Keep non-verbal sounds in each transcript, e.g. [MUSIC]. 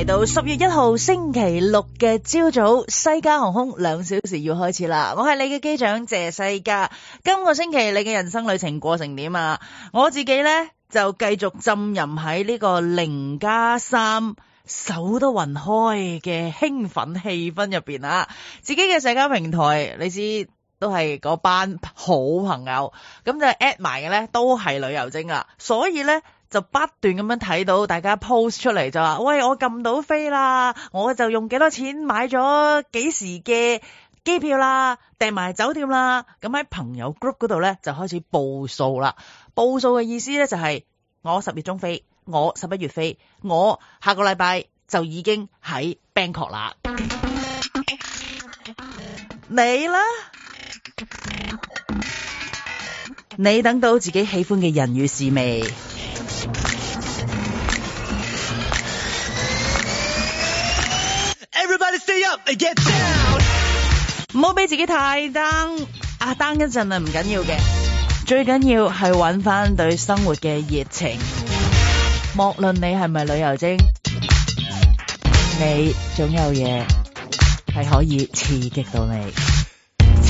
嚟到十月一號星期六嘅朝早，西加航空兩小時要開始啦。我係你嘅機長謝世嘉，今個星期你嘅人生旅程過成點啊？我自己呢，就繼續浸淫喺呢個零加三手都暈開嘅興奮氣氛入邊啦。自己嘅社交平台，你知都係嗰班好朋友，咁就 at 埋嘅呢，都係旅遊精啊。所以呢。就不斷咁樣睇到大家 post 出嚟就話，喂，我撳到飛啦，我就用幾多錢買咗幾時嘅機票啦，訂埋酒店啦，咁喺朋友 group 嗰度咧就開始報數啦。報數嘅意思咧就係、是、我十月中飛，我十一月飛，我下個禮拜就已經喺 Bangkok 啦， [MUSIC] 你啦。你等到自己喜歡嘅人與事未？Everybody stay up and get down. 唔好俾自己太 down，阿、啊、down 一陣啊，唔緊要嘅，最緊要係揾翻對生活嘅熱情。莫論你係咪旅遊精，你總有嘢係可以刺激到你。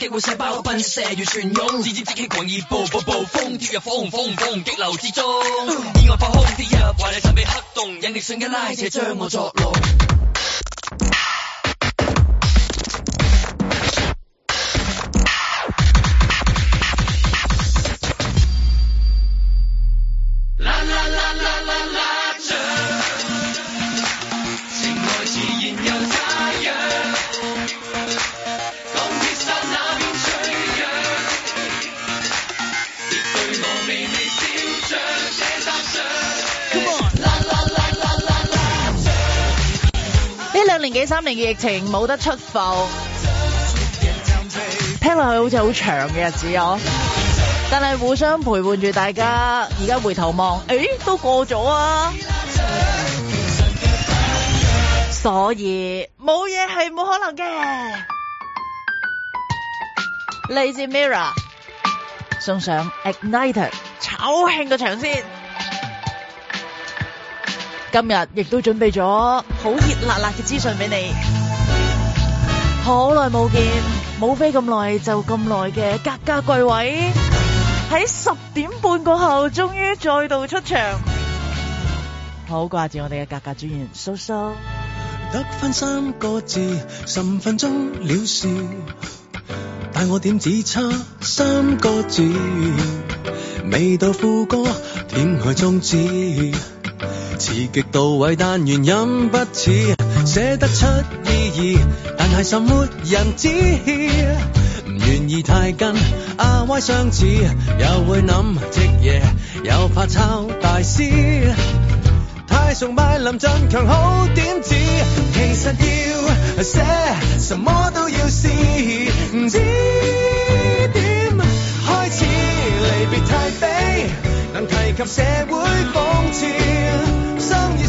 激活細胞奔射如旋湧，指尖刺激狂熱，步步暴風跳入火紅，火紅火紅激流之中。意、嗯、外破空跌入，懷你神秘黑洞，引力瞬間拉扯將我作弄。幾三年嘅疫情冇得出埠，聽落去好似好長嘅日子呵。但係互相陪伴住大家，而家回頭望，誒都過咗啊！所以冇嘢係冇可能嘅。嚟自 Mirror 送上 Igniter，炒興個場先。今日亦都準備咗好熱辣辣嘅資訊俾你，好耐冇見，冇飛咁耐就咁耐嘅格格櫃位，喺十點半過後終於再度出場，好掛住我哋嘅格格專員蘇蘇。得翻三個字，十分鐘了事，但係我點只差三個字，未到副歌點去終止。刺激到位，但原因不似寫得出意義，但係愁沒人知。唔願意太近，阿、啊、威相似，又會諗寂夜，又怕抄大師。太崇拜林振強好點子，其實要寫什麼都要試，唔知點開始離別太悲，能提及社會諷刺。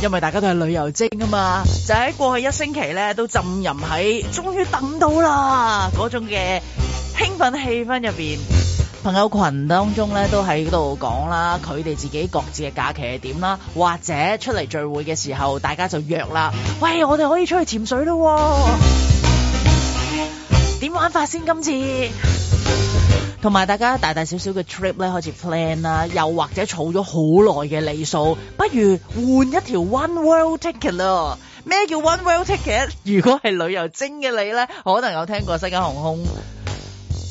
因為大家都係旅遊精啊嘛，就喺過去一星期咧都浸淫喺，終於等到啦嗰種嘅興奮氣氛入邊，朋友群當中咧都喺度講啦，佢哋自己各自嘅假期係點啦，或者出嚟聚會嘅時候，大家就約啦，喂，我哋可以出去潛水咯喎，點玩法先今次？同埋大家大大小小嘅 trip 咧，開始 plan 啦，又或者儲咗好耐嘅里數，不如換一條 One World Ticket 咯。咩叫 One World Ticket？如果係旅遊精嘅你咧，可能有聽過西加航空。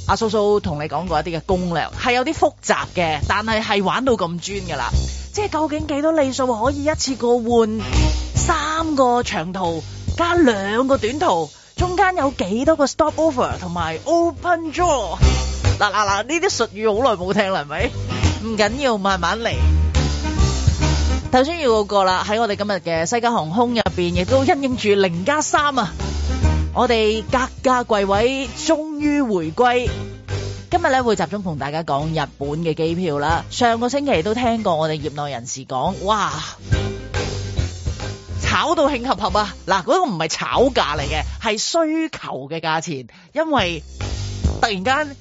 阿蘇蘇同你講過一啲嘅攻略，係有啲複雜嘅，但係係玩到咁專㗎啦。即係究竟幾多里數可以一次過換三個長途加兩個短途？中間有幾多個 stopover 同埋 open draw？嗱嗱嗱！呢啲術語好耐冇聽啦，係咪？唔緊 [LAUGHS] 要緊，慢慢嚟。頭先要嗰個啦，喺我哋今日嘅西加航空入邊，亦都因應住零加三啊！我哋格價貴位終於回歸。今日咧會集中同大家講日本嘅機票啦。上個星期都聽過我哋業內人士講，哇，炒到興合合啊！嗱，嗰、嗰個唔係炒價嚟嘅，係需求嘅價錢，因為突然間。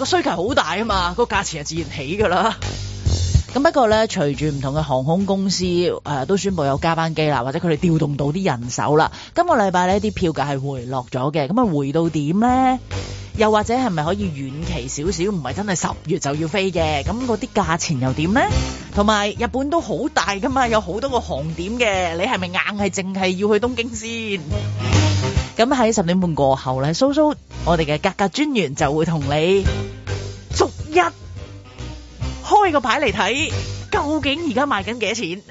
個需求好大啊嘛，個價錢係自然起㗎啦。咁不過咧，隨住唔同嘅航空公司誒、呃、都宣布有加班機啦，或者佢哋調動到啲人手啦。今個禮拜呢啲票價係回落咗嘅，咁啊回到點咧？又或者係咪可以遠期少少？唔係真係十月就要飛嘅，咁嗰啲價錢又點咧？同埋日本都好大㗎嘛，有好多個航點嘅，你係咪硬係淨係要去東京先？咁喺十點半過後咧，蘇蘇，我哋嘅價格專員就會同你逐一開個牌嚟睇，究竟而家賣緊幾多錢？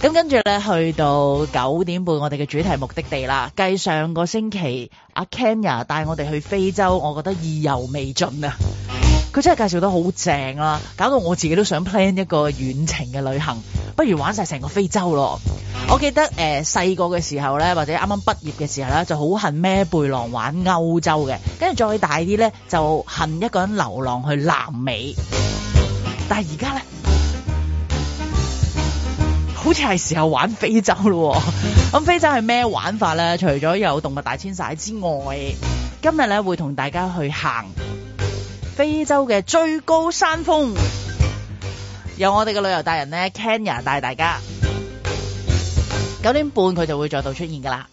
咁 [NOISE] 跟住咧，去到九點半，我哋嘅主題目的地啦，繼上個星期阿 Kenya 帶我哋去非洲，我覺得意猶未盡啊！佢真係介紹得好正啊，搞到我自己都想 plan 一個遠程嘅旅行，不如玩晒成個非洲咯！我記得誒細個嘅時候咧，或者啱啱畢業嘅時候咧，就好恨孭背，背囊玩歐洲嘅，跟住再大啲咧就恨一個人流浪去南美。但係而家咧，好似係時候玩非洲咯！咁 [LAUGHS] 非洲係咩玩法咧？除咗有動物大遷徙之外，今日咧會同大家去行非洲嘅最高山峰，由我哋嘅旅遊達人咧，Kenya 帶大家。九點半佢就會再度出現噶啦。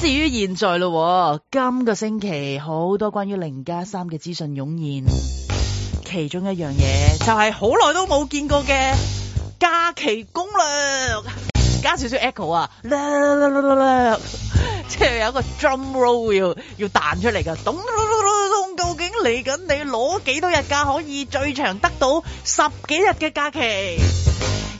至於現在咯，今個星期好多關於零加三嘅資訊湧現，其中一樣嘢就係好耐都冇見過嘅假期攻略，加少少 Echo 啊，即係有一個 Drum Roll 要要彈出嚟噶，咚咚咚咚咚，究竟？嚟緊你攞幾多日假，可以最長得到十幾日嘅假期？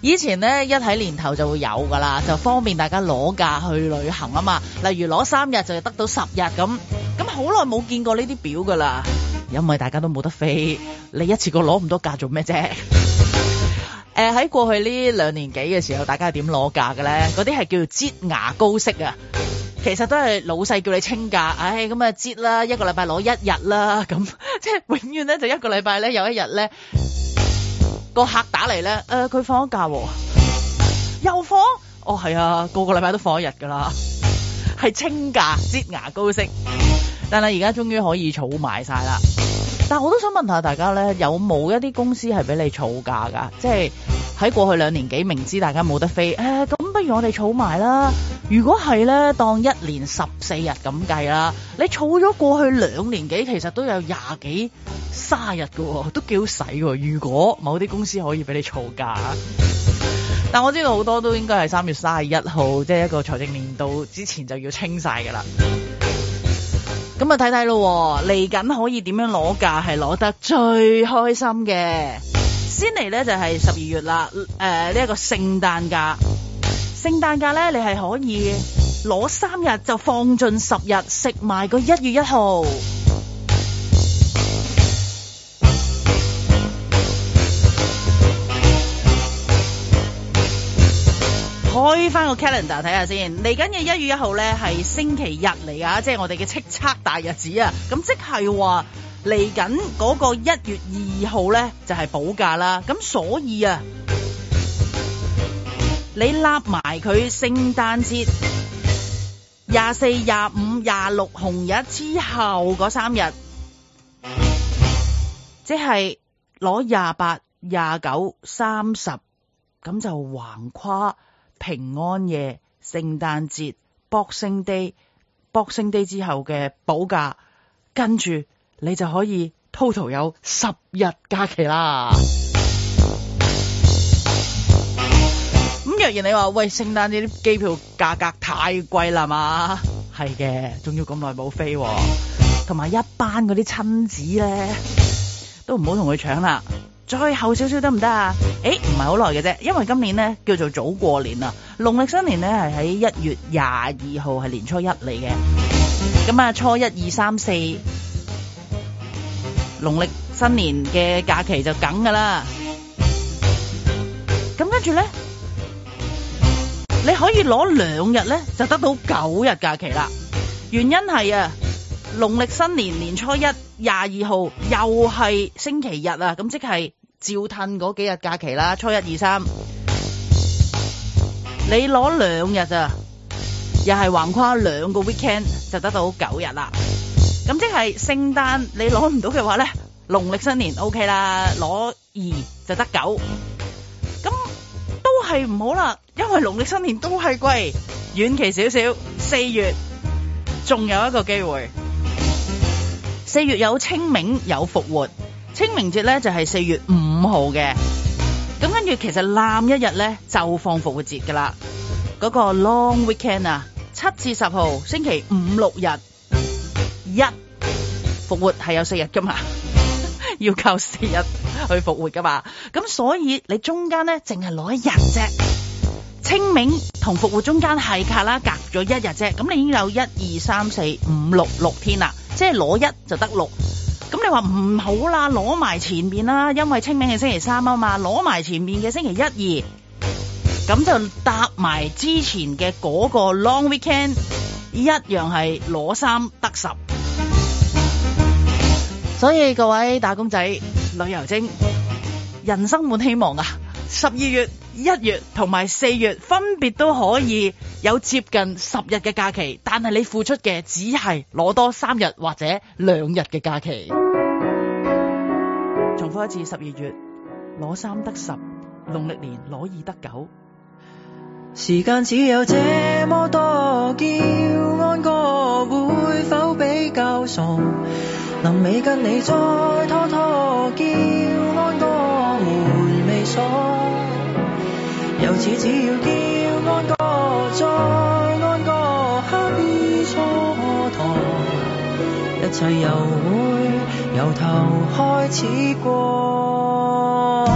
以前咧，一喺年頭就會有噶啦，就方便大家攞假去旅行啊嘛。例如攞三日就得到十日咁。咁好耐冇見過呢啲表噶啦，因為大家都冇得飛，你一次過攞咁多假做咩啫？誒 [LAUGHS] 喺、呃、過去呢兩年幾嘅時候，大家係點攞假嘅咧？嗰啲係叫做擠牙膏式啊！其實都係老細叫你清假，唉、哎，咁啊擠啦，一個禮拜攞一日啦，咁即係永遠咧就一個禮拜咧有一日咧個客打嚟咧，誒、呃、佢放咗假、哦，又放，哦係啊，個個禮拜都放一日噶啦，係清假，擠牙膏式。但係而家終於可以儲埋晒啦。但係我都想問下大家咧，有冇一啲公司係俾你儲假噶？即係喺過去兩年幾明知大家冇得飛，誒、哎、咁不如我哋儲埋啦。如果係咧，當一年十四日咁計啦，你儲咗過去兩年幾，其實都有廿幾卅日噶、哦，都幾好使噶。如果某啲公司可以俾你儲假，但我知道好多都應該係三月卅一號，即係一個財政年度之前就要清晒噶啦。咁啊，睇睇咯，嚟緊可以點樣攞假係攞得最開心嘅。先嚟咧就係十二月啦，誒呢一個聖誕假。聖誕假咧，你係可以攞三日就放盡十日食埋 [MUSIC] 個一月一號。開翻個 calendar 睇下先，嚟緊嘅一月一號咧係星期日嚟啊，即係我哋嘅叱咤大日子啊。咁即係話嚟緊嗰個一月二號咧就係補假啦。咁所以啊。你拉埋佢，聖誕節廿四、廿五、廿六紅日之後嗰三日，即係攞廿八、廿九、三十，咁就橫跨平安夜聖誕節、聖誕節、Boxing Day、Boxing Day 之後嘅補假，跟住你就可以 total 有十日假期啦。突然你話喂，聖誕啲機票價格太貴啦嘛？係嘅，仲要咁耐冇飛，啊，同埋一班嗰啲親子咧，都唔好同佢搶啦，再後少少得唔得啊？誒、欸，唔係好耐嘅啫，因為今年咧叫做早過年啦，農曆新年咧係喺一月廿二號係年初一嚟嘅，咁啊初一二三四，農曆新年嘅假期就梗噶啦，咁跟住咧。你可以攞兩日咧，就得到九日假期啦。原因係啊，農曆新年年初一廿二號又係星期日啊，咁即係照褪嗰幾日假期啦。初一、二、三，你攞兩日啊，又係橫跨兩個 weekend 就得到九日到、OK、啦。咁即係聖誕你攞唔到嘅話咧，農曆新年 OK 啦，攞二就得九。都係唔好啦，因為農曆新年都係貴，遠期少少，四月仲有一個機會，四月有清明有復活，清明節咧就係四月五號嘅，咁跟住其實冧一日咧就放復活節噶啦，嗰個 long weekend 啊，七至十號星期五六日一復活係有四日噶嘛。 [LAUGHS] 要靠四日去復活噶嘛？咁所以你中間咧淨係攞一日啫，清明同復活中間係隔啦，隔咗一日啫。咁你已經有一二三四五六六天啦，即係攞一就得六。咁你話唔好啦，攞埋前面啦，因為清明係星期三啊嘛，攞埋前面嘅星期一二，咁就搭埋之前嘅嗰個 long weekend，一樣係攞三得十。所以各位打工仔、旅遊精，人生滿希望啊！十二月、一月同埋四月分別都可以有接近十日嘅假期，但係你付出嘅只係攞多三日或者兩日嘅假期。重複一次，十二月攞三得十，農曆年攞二得九。時間只有這麼多，叫安哥會否比較傻？臨尾跟你再拖拖，叫安哥門未鎖。由此只要叫安哥，再安哥，刻意蹉跎，一切又會由頭開始過。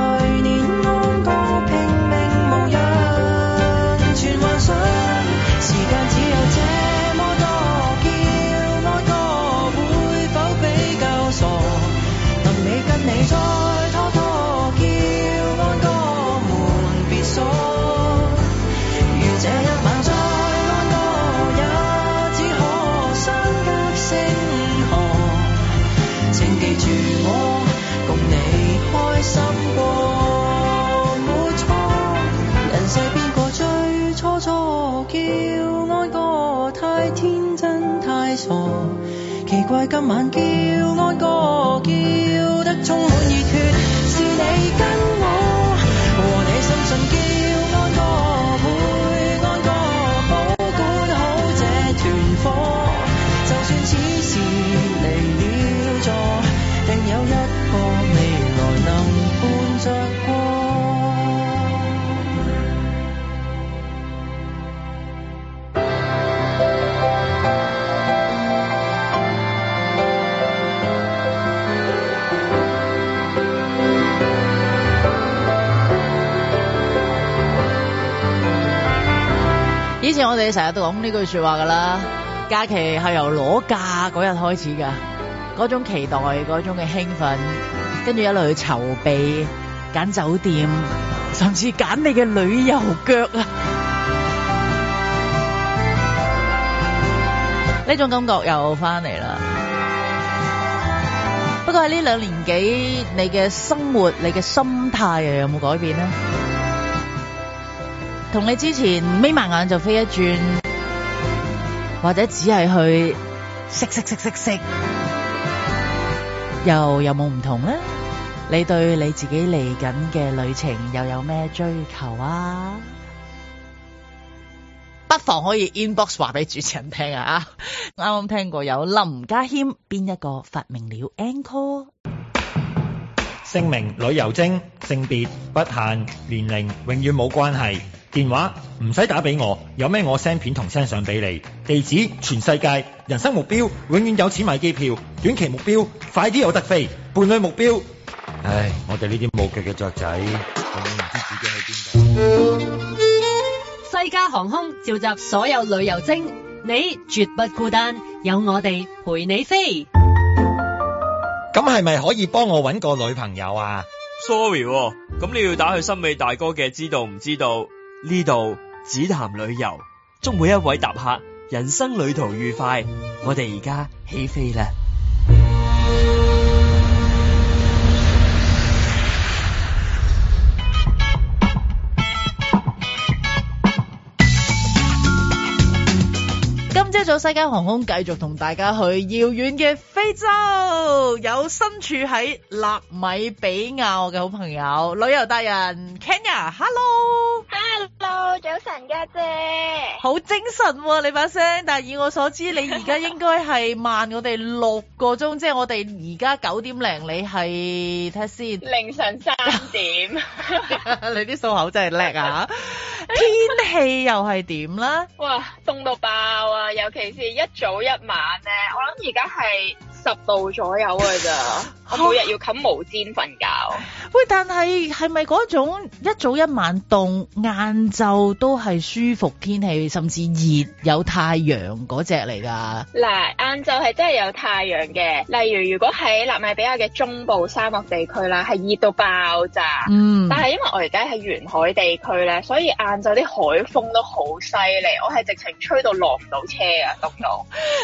怪今晚叫安哥叫得充滿熱血，是你跟我和你相信，信叫安哥，會安哥保管好這團火，就算此時離了座，定有一。我哋成日都講呢句說話噶啦，假期係由攞假嗰日開始噶，嗰種期待、嗰種嘅興奮，跟住一路去籌備揀酒店，甚至揀你嘅旅遊腳啊，呢 [LAUGHS] [LAUGHS] 種感覺又翻嚟啦。不過喺呢兩年幾，你嘅生活、你嘅心態又有冇改變咧？同你之前眯埋眼就飛一轉，或者只係去食食食食食，息息息息息又有冇唔同咧？你對你自己嚟緊嘅旅程又有咩追求啊？不妨可以 inbox 話俾主持人聽啊！啱啱聽過有林家謙，邊一個發明了 anchor？姓名旅遊精，性別不限，年齡永遠冇關係。電話唔使打俾我，有咩我 send 片同 send 相俾你。地址全世界，人生目標永遠有錢買機票，短期目標快啲有得飛，伴侶目標。唉，我哋呢啲無極嘅雀仔，我唔知自己喺邊度。西加航空召集所有旅遊精，你絕不孤單，有我哋陪你飛。咁係咪可以幫我搵個女朋友啊？Sorry，咁、哦、你要打去森美大哥嘅，知道唔知道？呢度只談旅遊，祝每一位搭客人生旅途愉快。我哋而家起飛啦！一早，西加航空繼續同大家去遙遠嘅非洲，有身處喺納米比亞嘅好朋友旅遊達人 Kenya，Hello，Hello，早晨家姐，姐，好精神喎、啊、你把聲，但係以我所知，你而家應該係慢我哋六個鐘，即係 [LAUGHS] 我哋而家九點零，你係睇先，凌晨三點， [LAUGHS] [LAUGHS] 你啲數口真係叻啊！天氣又係點啦？哇，凍到爆啊！有其實一早一晚咧，我諗而家係十度左右噶咋。我每日要冚毛氈瞓覺。 [LAUGHS] 喂，但係係咪嗰種一早一晚凍，晏晝都係舒服天氣，甚至熱有太陽嗰隻嚟噶？嗱、嗯，晏晝係真係有太陽嘅。例如，如果喺納米比亞嘅中部沙漠地區啦，係熱到爆炸。嗯。但係因為我而家喺沿海地區咧，所以晏晝啲海風都好犀利，我係直情吹到落唔到車。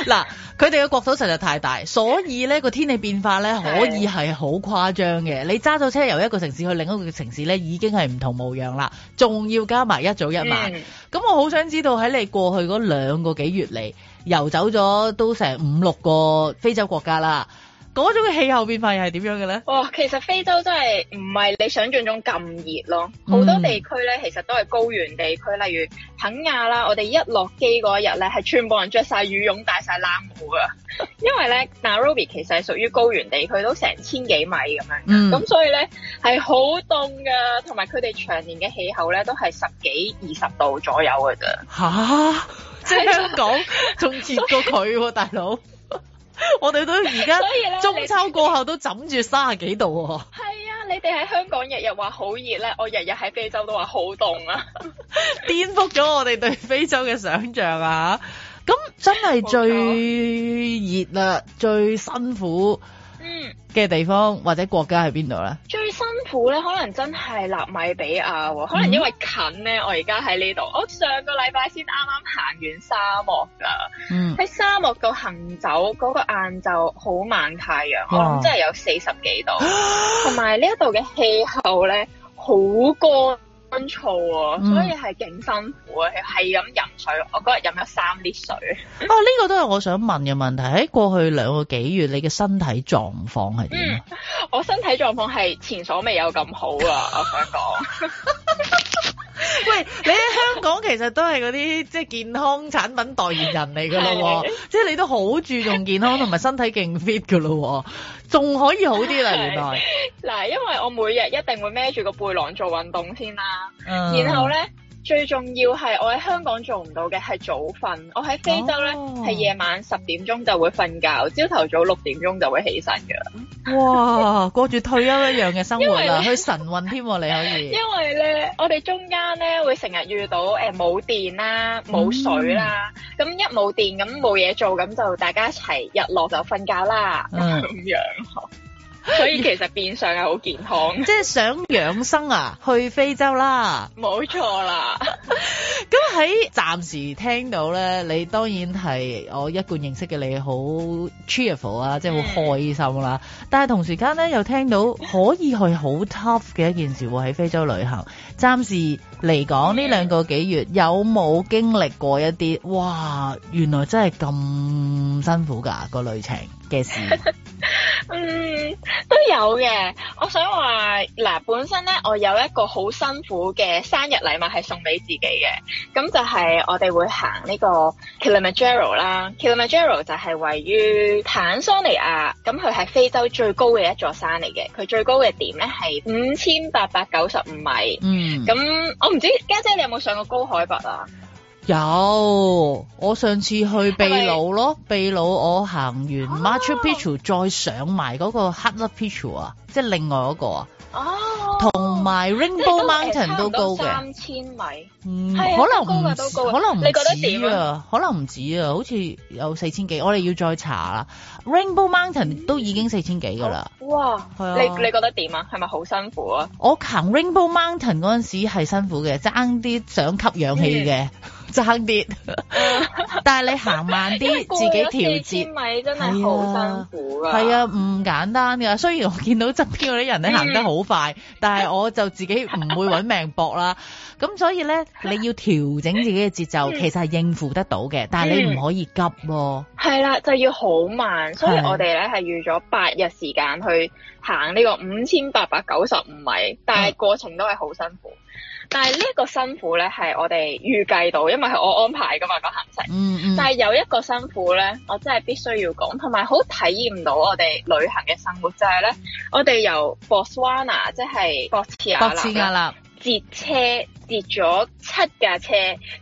嗱，佢哋嘅國土實在太大，所以呢個天氣變化呢可以係好誇張嘅。你揸咗車由一個城市去另一個城市呢，已經係唔同模樣啦，仲要加埋一早一晚。咁、嗯、我好想知道喺你過去嗰兩個幾月嚟，遊走咗都成五六個非洲國家啦，嗰種嘅氣候變化又係點樣嘅咧？哇，其實非洲真係唔係你想象中咁熱咯，好、嗯、多地區咧其實都係高原地區，例如肯亞啦，我哋一落機嗰日咧係全部人着晒羽絨、戴晒冷帽噶， [LAUGHS] 因為咧納羅比其實係屬於高原地區，都成千幾米咁樣，咁、嗯、所以咧係好凍噶，同埋佢哋長年嘅氣候咧都係十幾二十度左右嘅啫。吓？即係香港仲熱過佢、啊， [LAUGHS] 大佬。 [LAUGHS] 我哋都而家中秋過後都枕住三十幾度喎。係啊，你哋喺香港日日話好熱咧，我日日喺非洲都話好凍啊，顛覆咗我哋對非洲嘅想象啊！咁真係最熱啦，最辛苦。嗯。嘅地方或者國家喺邊度咧？最辛苦咧，可能真係納米比亞，嗯、可能因為近咧。我而家喺呢度，我上個禮拜先啱啱行完沙漠㗎。喺、嗯、沙漠度行走嗰、嗰個晏晝好猛太陽，我諗真係有四十幾度，同埋呢一度嘅氣候咧好乾。乾燥啊，嗯、所以係勁辛苦啊，係咁飲水，我嗰日飲咗三啲水。哦、 [LAUGHS] 啊，呢、這個都係我想問嘅問題，喺過去兩個幾月，你嘅身體狀況係點、嗯？我身體狀況係前所未有咁好啊， [LAUGHS] 我想講。 [LAUGHS] [LAUGHS] 喂，你喺香港其實都係嗰啲即係健康產品代言人嚟㗎咯， [LAUGHS] 即係你都好注重健康同埋身體勁 fit 㗎咯，仲可以好啲啦。原來嗱， [LAUGHS] 因為我每日一定會孭住個背囊做運動先啦，嗯，然後咧。最重要係我喺香港做唔到嘅係早瞓，我喺非洲咧係夜晚十點鐘就會瞓覺，朝頭早六點鐘就會起身㗎啦。 [LAUGHS] 哇，過住退休一樣嘅生活啊，去為神運添，你可以。因為咧，我哋中間咧會成日遇到誒冇、呃、電啦、冇水啦，咁、mm. 一冇電咁冇嘢做，咁就大家一齊日落就瞓覺啦咁、mm. 這樣。 [LAUGHS] 所以其實變相係好健康， [LAUGHS] 即係想養生啊，去非洲啦，冇錯啦。咁 [LAUGHS] 喺暫時聽到咧，你當然係我一貫認識嘅你好 cheerful 啊，即係好開心啦。 [LAUGHS] 但係同時間咧又聽到可以去好 tough 嘅一件事喎，喺非洲旅行。暫時嚟講呢兩個幾月有冇經歷過一啲哇，原來真係咁辛苦㗎個旅程嘅事？ [LAUGHS] 嗯，都有嘅。我想話嗱，呃，本身咧我有一個好辛苦嘅生日禮物係送俾自己嘅，咁就係我哋會行呢個 Kilimanjaro 啦。Kilimanjaro 就係位於坦桑尼亞，咁佢係非洲最高嘅一座山嚟嘅。佢最高嘅點咧係五千八百九十五米。嗯。咁我唔知家姐，姐你有冇上過高海拔啊？有，我上次去秘魯咯，秘魯我行完 Machu Picchu 再上埋嗰個 Huayna Picchu 啊，即係另外嗰個啊。哦，同埋 Rainbow Mountain 都高嘅。三千米。嗯，可能唔止，可能唔止啊，可能唔止啊，好似有四千幾，我哋要再查啦。Rainbow Mountain 都已經四千幾噶啦。哇，係啊，你你覺得點啊？係咪好辛苦啊？我行 Rainbow Mountain 嗰陣時係辛苦嘅，爭啲想吸氧氣嘅。爭啲，但係你行慢啲，自己調節。米真係好辛苦噶。係啊，唔、啊、簡單噶。雖然我見到側邊啲人咧行得好快，嗯、但係我就自己唔會揾命搏啦。咁 [LAUGHS] 所以咧，你要調整自己嘅節奏，其實係應付得到嘅，嗯、但係你唔可以急、啊。係啦、啊，就要好慢。所以我哋咧係預咗八日時間去行呢個五千八百九十五米，但係過程都係好辛苦。嗯但係呢一個辛苦咧，係我哋預計到，因為係我安排噶嘛，個行程。嗯嗯。嗯，但係有一個辛苦咧，我真係必須要講，同埋好體驗到我哋旅行嘅生活就係、是、咧，我哋由博斯瓦納即係博茨瓦納截車截咗七架車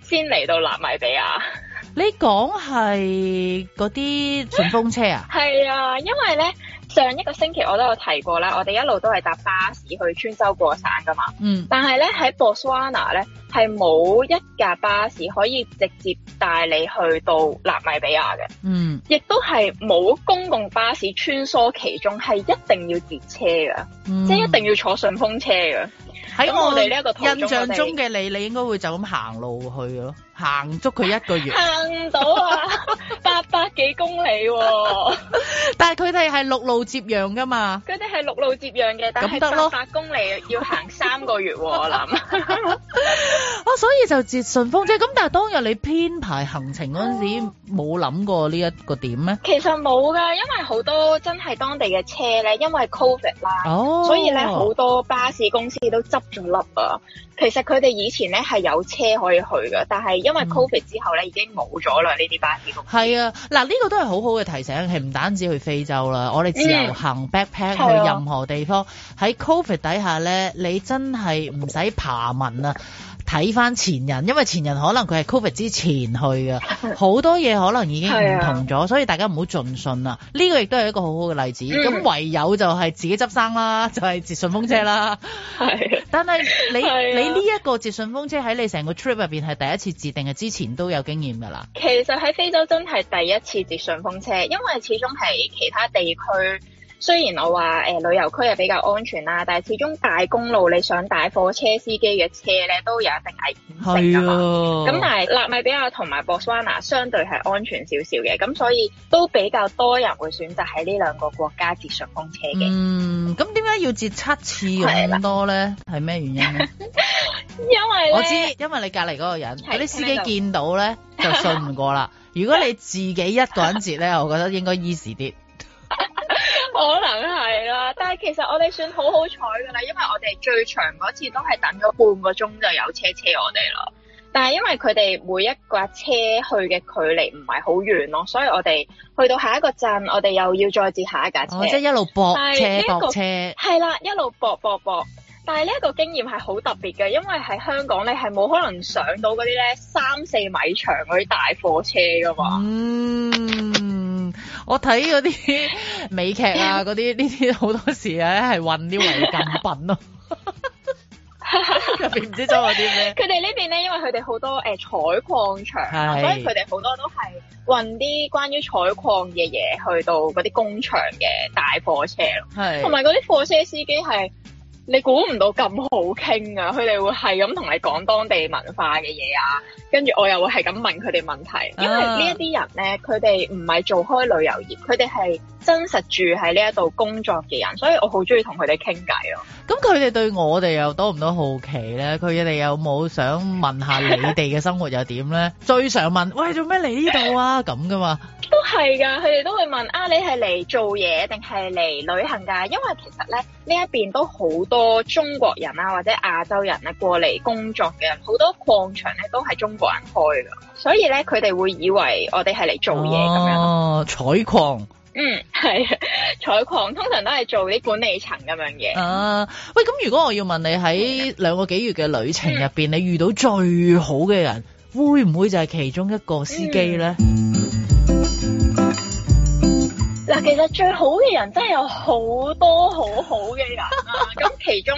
先嚟到納米比亞。 [LAUGHS] 你講係嗰啲順風車啊？係 [LAUGHS] 啊，因為咧。上一個星期我都有提過啦，我哋一路都係搭巴士去穿州過省噶嘛。嗯。但係咧喺 Botswana 咧係冇一架巴士可以直接帶你去到納米比亞嘅。嗯。亦都係冇公共巴士穿梭其中，係一定要截車㗎，嗯、即係一定要坐順風車㗎。喺在我哋呢一個印象中嘅你，你應該會就咁行路去咯。行足佢一個月，行唔到啊，八百幾公里喎。但係佢哋係陸路接壤噶嘛？佢哋係陸路接壤嘅，但係八百公里要行三個月喎，我諗。哦，所以就接順風車。咁但係當日你編排行程嗰陣時，冇諗過呢一個點咩？其實冇㗎，因為好多真係當地嘅車咧，因為 Covid 啦，所以咧好多巴士公司都執咗笠啊。其實佢哋以前咧係有車可以去嘅，但係因為 Covid 之後咧，已經冇咗啦呢啲巴士。係、嗯、啊，嗱呢、呢個都係好好嘅提醒，係唔單止去非洲啦，我哋自由行 backpack、嗯、去任何地方喺、啊、Covid 底下咧，你真係唔使爬文啊！ [LAUGHS] 睇翻前人，因為前人可能佢係 Covid 之前去嘅，好 [LAUGHS] 多嘢可能已經唔同咗， [LAUGHS] 所以大家唔好盡信啦。呢 [LAUGHS] 個亦都係一個好好嘅例子。咁、嗯、唯有就係自己執生啦，就係接順風車啦。係， [LAUGHS] [LAUGHS] [LAUGHS] 但係 [LAUGHS] [LAUGHS] 你你呢一個接順風車喺你成個 trip 入邊係第一次接定係之前都有經驗㗎啦？其實喺非洲真係第一次接順風車，因為始終喺其他地區。雖然我話誒、呃、旅遊區係比較安全啦，但係始終大公路你上大貨車司機嘅車咧，都有一定危險性噶嘛。咁但係納米比亞同埋博斯瓦納相對係安全少少嘅，咁所以都比較多人會選擇喺呢兩個國家接順風車嘅。嗯，咁點解要接七次咁多咧？係咩了原因咧？ [LAUGHS] 因為你我知，因為你隔籬嗰個人嗰啲是司機見到咧到就信唔過啦。如果你自己一個人接咧， [LAUGHS] 我覺得應該 easy 啲。 [LAUGHS] 可能係啦，但係其實我哋算好好彩噶啦，因為我哋最長嗰次都係等咗半個鐘就有車車我哋啦。但係因為佢哋每一架車去嘅距離唔係好遠咯，所以我哋去到下一個站，我哋又要再接下一架車。哦、即係一路駁車駁車。係、這個、車啦，一路駁駁駁。但係呢一個經驗係好特別嘅，因為喺香港你係冇可能上到嗰啲咧三四米長嗰啲大貨車噶嘛。嗯。嗯、我睇嗰啲美劇啊， [LAUGHS] 啊，嗰啲呢啲好多時咧係運啲違禁品咯，即係唔知裝咗啲咩？佢哋呢邊咧，因為佢哋好多誒採礦場，的所以佢哋好多都係運啲關於採礦嘅嘢去到嗰啲工場嘅大貨車咯，係同埋嗰啲貨車司機係。你估唔到咁好傾啊！佢哋會係咁同你講當地文化嘅嘢啊，跟住我又會係咁問佢哋問題，因為呢一啲人咧，佢哋唔係做開旅遊業，佢哋係真實住喺呢一度工作嘅人，所以我好中意同佢哋傾偈咯。咁佢哋對我哋又多唔多好奇呢？佢哋有冇想問，問下你哋嘅生活又點呢？ [LAUGHS] 最常問，喂，做咩嚟呢度啊？咁噶嘛？都係噶，佢哋都會問啊，你係嚟做嘢定係嚟旅行噶？因為其實呢，呢一邊都好多中國人啦、啊，或者亞洲人啊過嚟工作嘅，好多礦場呢都係中國人開噶，所以呢，佢哋會以為我哋係嚟做嘢咁、啊、樣。哦，採礦。嗯，係，採礦通常都係做啲管理層咁樣嘢。啊，喂，咁如果我要問你喺兩個幾月嘅旅程入邊，嗯、你遇到最好嘅人，會唔會就係其中一個司機呢？嗱、嗯，其實最好嘅人真係有好多好好多好好嘅人啊！咁 [LAUGHS] 其中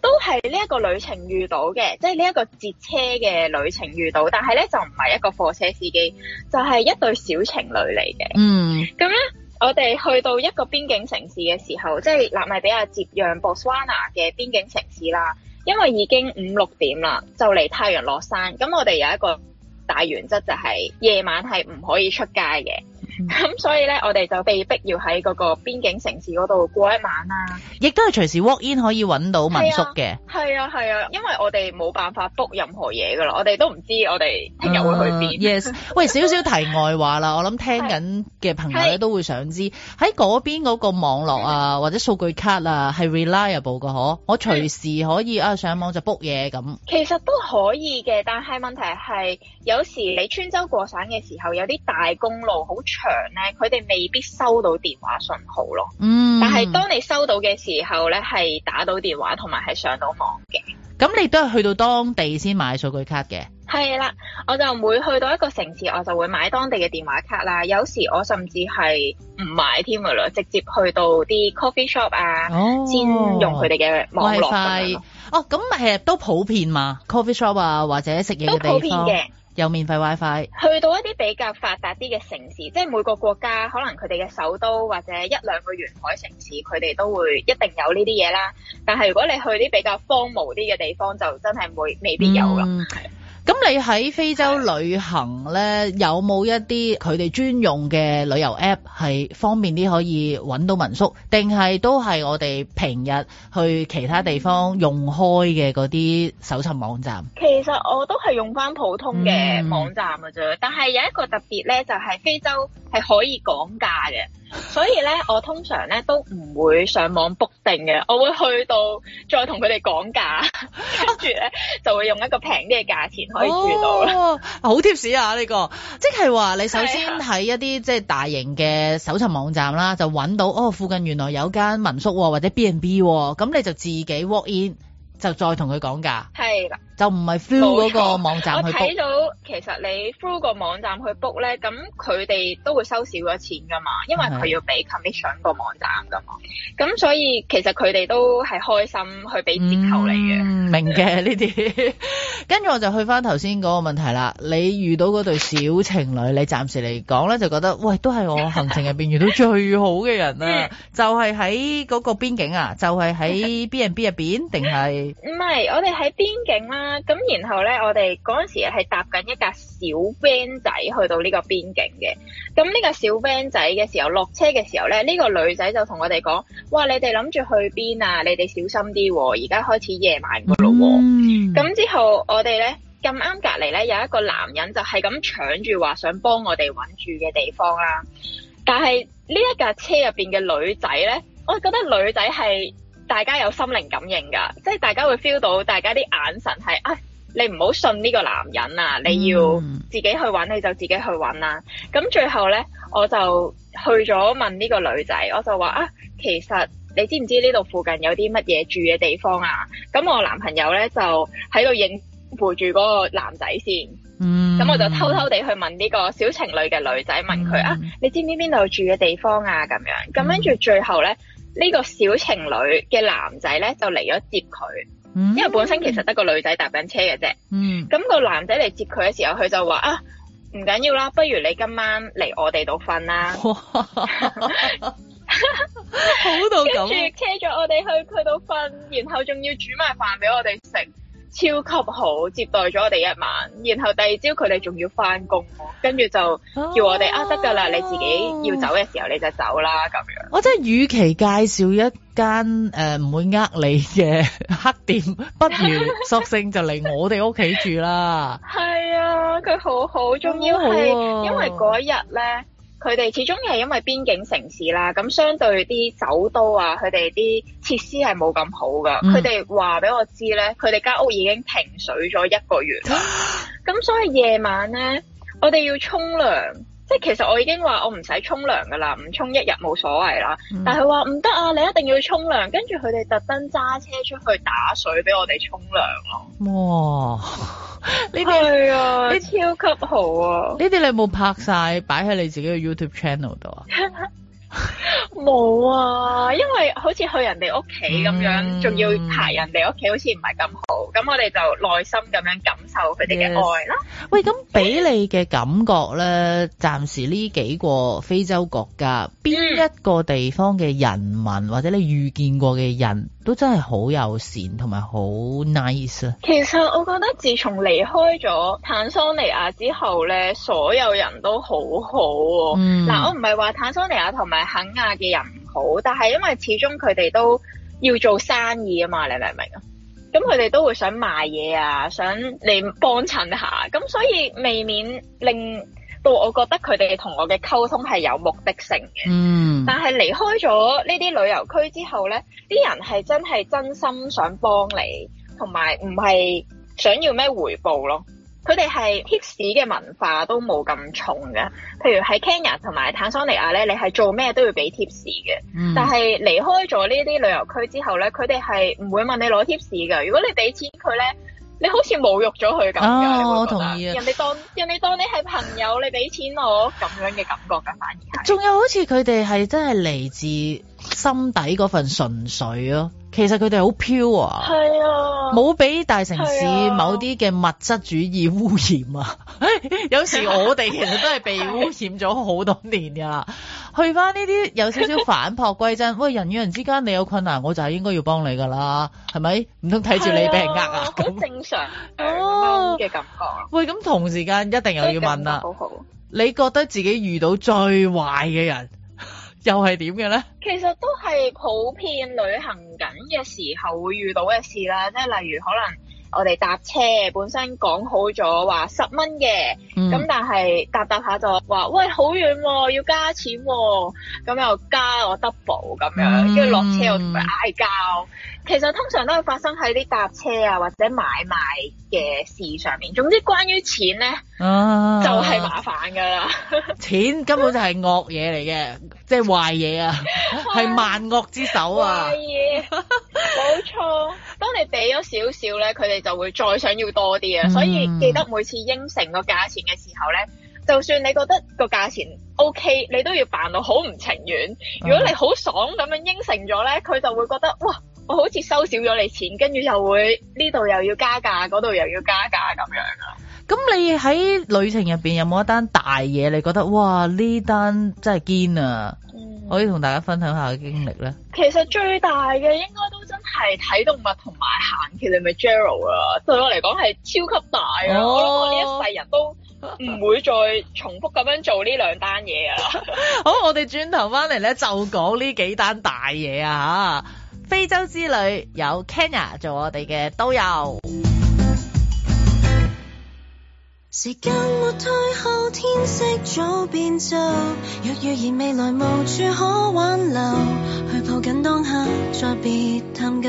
都係呢一個旅程遇到嘅，即係呢一個截車嘅旅程遇到，但係呢，就唔係一個貨車司機，就係、是、一對小情侶嚟嘅。嗯，咁呢。我哋去到一個邊境城市嘅時候，即係納米比亞接壤博斯瓦納嘅邊境城市啦。因為已經五六點啦，就嚟太陽落山。咁我哋有一個大原則就係、是、夜晚係唔可以出街嘅。咁、嗯、所以咧，我哋就被逼要喺嗰個邊境城市嗰度過一晚啊！亦都係隨時 walk in 可以揾到民宿嘅。係啊係啊，啊，因為我哋冇辦法 book 任何嘢噶啦，我哋都唔知我哋聽日會去邊。Uh, yes，喂，少少題外話啦， [LAUGHS] 我諗聽緊嘅朋友咧都會想知，喺嗰邊嗰個網絡啊，或者數據卡啊，係 reliable 噶嗬？我隨時可以是啊上網就 book 嘢咁。其實都可以嘅，但係問題係。有時你穿州過省嘅時候，有啲大公路好長咧，佢哋未必收到電話信號咯。嗯，但係當你收到嘅時候咧，係打到電話同埋係上到網嘅。咁、嗯、你都係去到當地先買數據卡嘅？係啦，我就每去到一個城市，我就會買當地嘅電話卡啦。有時我甚至係唔買添㗎啦，直接去到啲 coffee shop 啊，先、哦、用佢哋嘅網絡。WiFi 哦，咁誒、哦呃、都普遍嘛？coffee shop 啊，或者食嘢嘅地方都普遍嘅。有免費 WiFi。Fi、去到一啲比較發達啲嘅城市，即係每個國家可能佢哋嘅首都或者一兩個沿海城市，佢哋都會一定有呢啲嘢啦。但係如果你去啲比較荒蕪啲嘅地方，就真係沒未必有㗎。嗯咁你喺非洲旅行呢，的有冇一啲佢哋專用嘅旅遊 App 係方便啲可以揾到民宿，定係都係我哋平日去其他地方用開嘅嗰啲搜尋網站？其實我都係用翻普通嘅網站嘅啫，mm hmm。但係有一個特別呢，就係、是、非洲。係可以講價嘅，所以咧我通常咧都唔會上網 book 定嘅，我會去到再同佢哋講價，跟住咧就會用一個平啲嘅價錢可以住到啦。哦、 [LAUGHS] 好貼士啊呢、這個，即係話你首先喺一啲即係大型嘅搜尋網站啦，是啊、就揾到哦附近原來有間民宿，哦、或者 B and B，咁、哦、你就自己 walk in 就再同佢講價。係。又唔係 through 個網站去 book 我睇到其實你 through 個網站去 book 咧，咁佢哋都會收少咗錢噶嘛，因為佢要俾 commission 個網站噶嘛。咁所以其實佢哋都係開心去俾折扣嚟嘅，嗯。明嘅呢啲。跟住 [LAUGHS] 我就去翻頭先個問題啦。你遇到對小情侶，你暫時嚟講咧就覺得，喂，都係我行程入邊遇到最好嘅人啊！ [LAUGHS] 就係喺個邊境啊，就係、是、喺 B and B 入邊定係？唔係， [LAUGHS] 我哋喺邊境啦、啊。咁然後咧，我哋嗰時係搭緊一架小 van 仔去到呢個邊境嘅。咁呢個小 van 仔嘅時候落車嘅時候咧，呢個女仔就同我哋講：哇，你哋諗住去邊啊？你哋小心啲喎，而家開始夜晚噶啦喎。嗯。咁之後我哋咧咁啱隔籬咧有一個男人就係咁搶住話想幫我哋搵住嘅地方啦。但係呢一架車入邊嘅女仔咧，我係覺得女仔係。大家有心靈感應㗎，即係大家會 feel 到大家啲眼神係啊，你唔好信呢個男人啊，你要自己去揾，你就自己去揾啦。咁最後呢，我就去咗問呢個女仔，我就話啊，其實你知唔知呢度附近有啲乜嘢住嘅地方啊？咁我男朋友呢，就喺度應付住嗰個男仔先。嗯。咁我就偷偷地去問呢個小情侶嘅女仔，問佢、嗯、啊，你知唔知邊度住嘅地方啊？咁樣。咁跟住最後呢。呢個小情侶嘅男仔咧就嚟咗接佢，嗯、因為本身其實得個女仔搭緊車嘅啫。咁、嗯、個男仔嚟接佢嘅時候，佢就話：啊，唔緊要啦，不如你今晚嚟我哋度瞓啦。哇 [LAUGHS] 好到咁。跟住車咗我哋去佢度瞓，然後仲要煮埋飯俾我哋食。超級好，接待咗我哋一晚，然後第二朝佢哋仲要翻工，跟住就叫我哋，啊得㗎啦，你自己要走嘅時候你就走啦咁樣。我真係與其介紹一間誒唔會呃你嘅黑店，不如索性就嚟我哋屋企住啦。係 [LAUGHS] [LAUGHS] [LAUGHS] 啊，佢好好，仲要係因為嗰日咧。佢哋始終係因為邊境城市啦，咁相對啲首都啊，佢哋啲設施係冇咁好噶。佢哋話俾我知咧，佢哋間屋已經停水咗一個月，咁 [COUGHS] 所以夜晚咧，我哋要沖涼。即係其實我已經話我唔使沖涼噶啦，唔沖一日冇所謂啦。嗯、但係佢話唔得啊，你一定要沖涼。跟住佢哋特登揸車出去打水俾我哋沖涼咯。哇！係啊，啲超級好啊！呢啲你有冇拍晒擺喺你自己嘅 YouTube channel 度啊？冇啊，因為好似去人哋屋企咁樣，仲、嗯、要排人哋屋企，好似唔係咁好。咁我哋就耐心咁樣感受佢哋嘅愛啦。喂，咁俾你嘅感覺咧，暫時呢幾個非洲國家，邊一個地方嘅人民、嗯、或者你遇見過嘅人，都真係好友善同埋好 nice 啊。其實我覺得自從離開咗坦桑尼亞之後咧，所有人都好好、喎。嗱、嗯，我唔係話坦桑尼亞同埋。肯亞嘅人唔好，但係因為始終佢哋都要做生意啊嘛，你明唔明啊？咁佢哋都會想賣嘢啊，想你幫襯下，咁所以未免令到我覺得佢哋同我嘅溝通係有目的性嘅。嗯，但係離開咗呢啲旅遊區之後咧，啲人係真係真心想幫你，同埋唔係想要咩回報咯。佢哋係 tips 嘅文化都冇咁重嘅，譬如喺 Kenya 同埋坦桑尼亞咧，你係做咩都要俾 tips 嘅。嗯、但係離開咗呢啲旅遊區之後咧，佢哋係唔會問你攞 tips 嘅。如果你俾錢佢咧，你好似侮辱咗佢咁。啊、哦，我同意。人哋當人哋當你係朋友，你俾錢我咁樣嘅感覺㗎，反而係。仲有好似佢哋係真係嚟自心底嗰份純粹咯，其實佢哋好飄啊，冇俾大城市某啲嘅物質主義污染啊、哎。有時我哋其實都係被污染咗好多年噶啦，啊、去翻呢啲有少少返璞歸真。喂、 [LAUGHS] 哎，人與人之間，你有困難，我就係應該要幫你噶啦，係咪？唔通睇住你俾人呃啊？好正常嘅、啊、感覺。喂，咁同時間一定又要問啦，覺好你覺得自己遇到最壞嘅人？又係點嘅咧？其實都係普遍旅行緊嘅時候會遇到嘅事啦，即係例如可能我哋搭車本身講好咗話十蚊嘅，咁，嗯，但係搭搭下就話喂好遠喎，要加錢喎，咁又加我 double 咁樣，跟住落車我同佢嗌交。其實通常都係發生喺啲搭車啊，或者買賣嘅事上面。總之關於錢咧，啊、就係麻煩㗎啦。錢根本就係惡嘢嚟嘅，即係壞嘢啊，係萬惡之首啊也。壞嘢，冇錯。當你俾咗少少咧，佢哋就會再想要多啲啊。嗯、所以記得每次應承個價錢嘅時候咧，就算你覺得個價錢 OK，你都要扮到好唔情願。如果你好爽咁樣應承咗咧，佢就會覺得哇～好似收少咗你錢，跟住又會呢度又要加價，嗰度又要加價咁樣啊！咁你喺旅程入邊有冇一單大嘢？你覺得哇，呢單真係堅啊！嗯、可以同大家分享下嘅經歷咧。其實最大嘅應該都真係睇動物同埋行 Kilimanjaro 啊！對我嚟講係超級大啊！哦、我哋一世人都唔會再重複咁樣做呢兩單嘢啊。 [LAUGHS] 好，我哋轉頭翻嚟咧就講呢幾單大嘢啊吓。 [LAUGHS] 非洲之旅有 Kenya 做我哋嘅導遊。時間冇退後，天色早變奏。若預言未來無處可挽留，去抱緊當下，再別探究。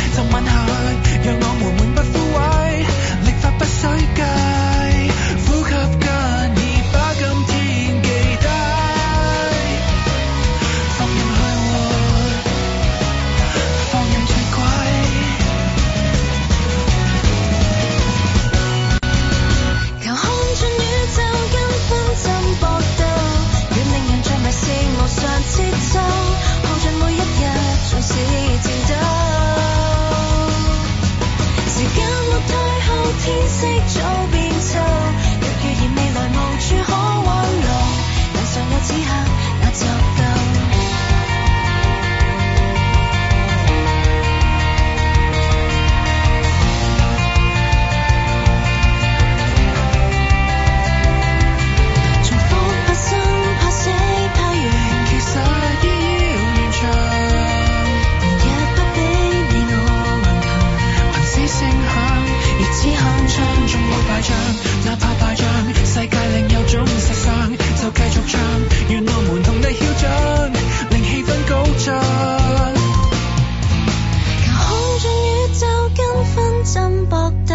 心搏鬥，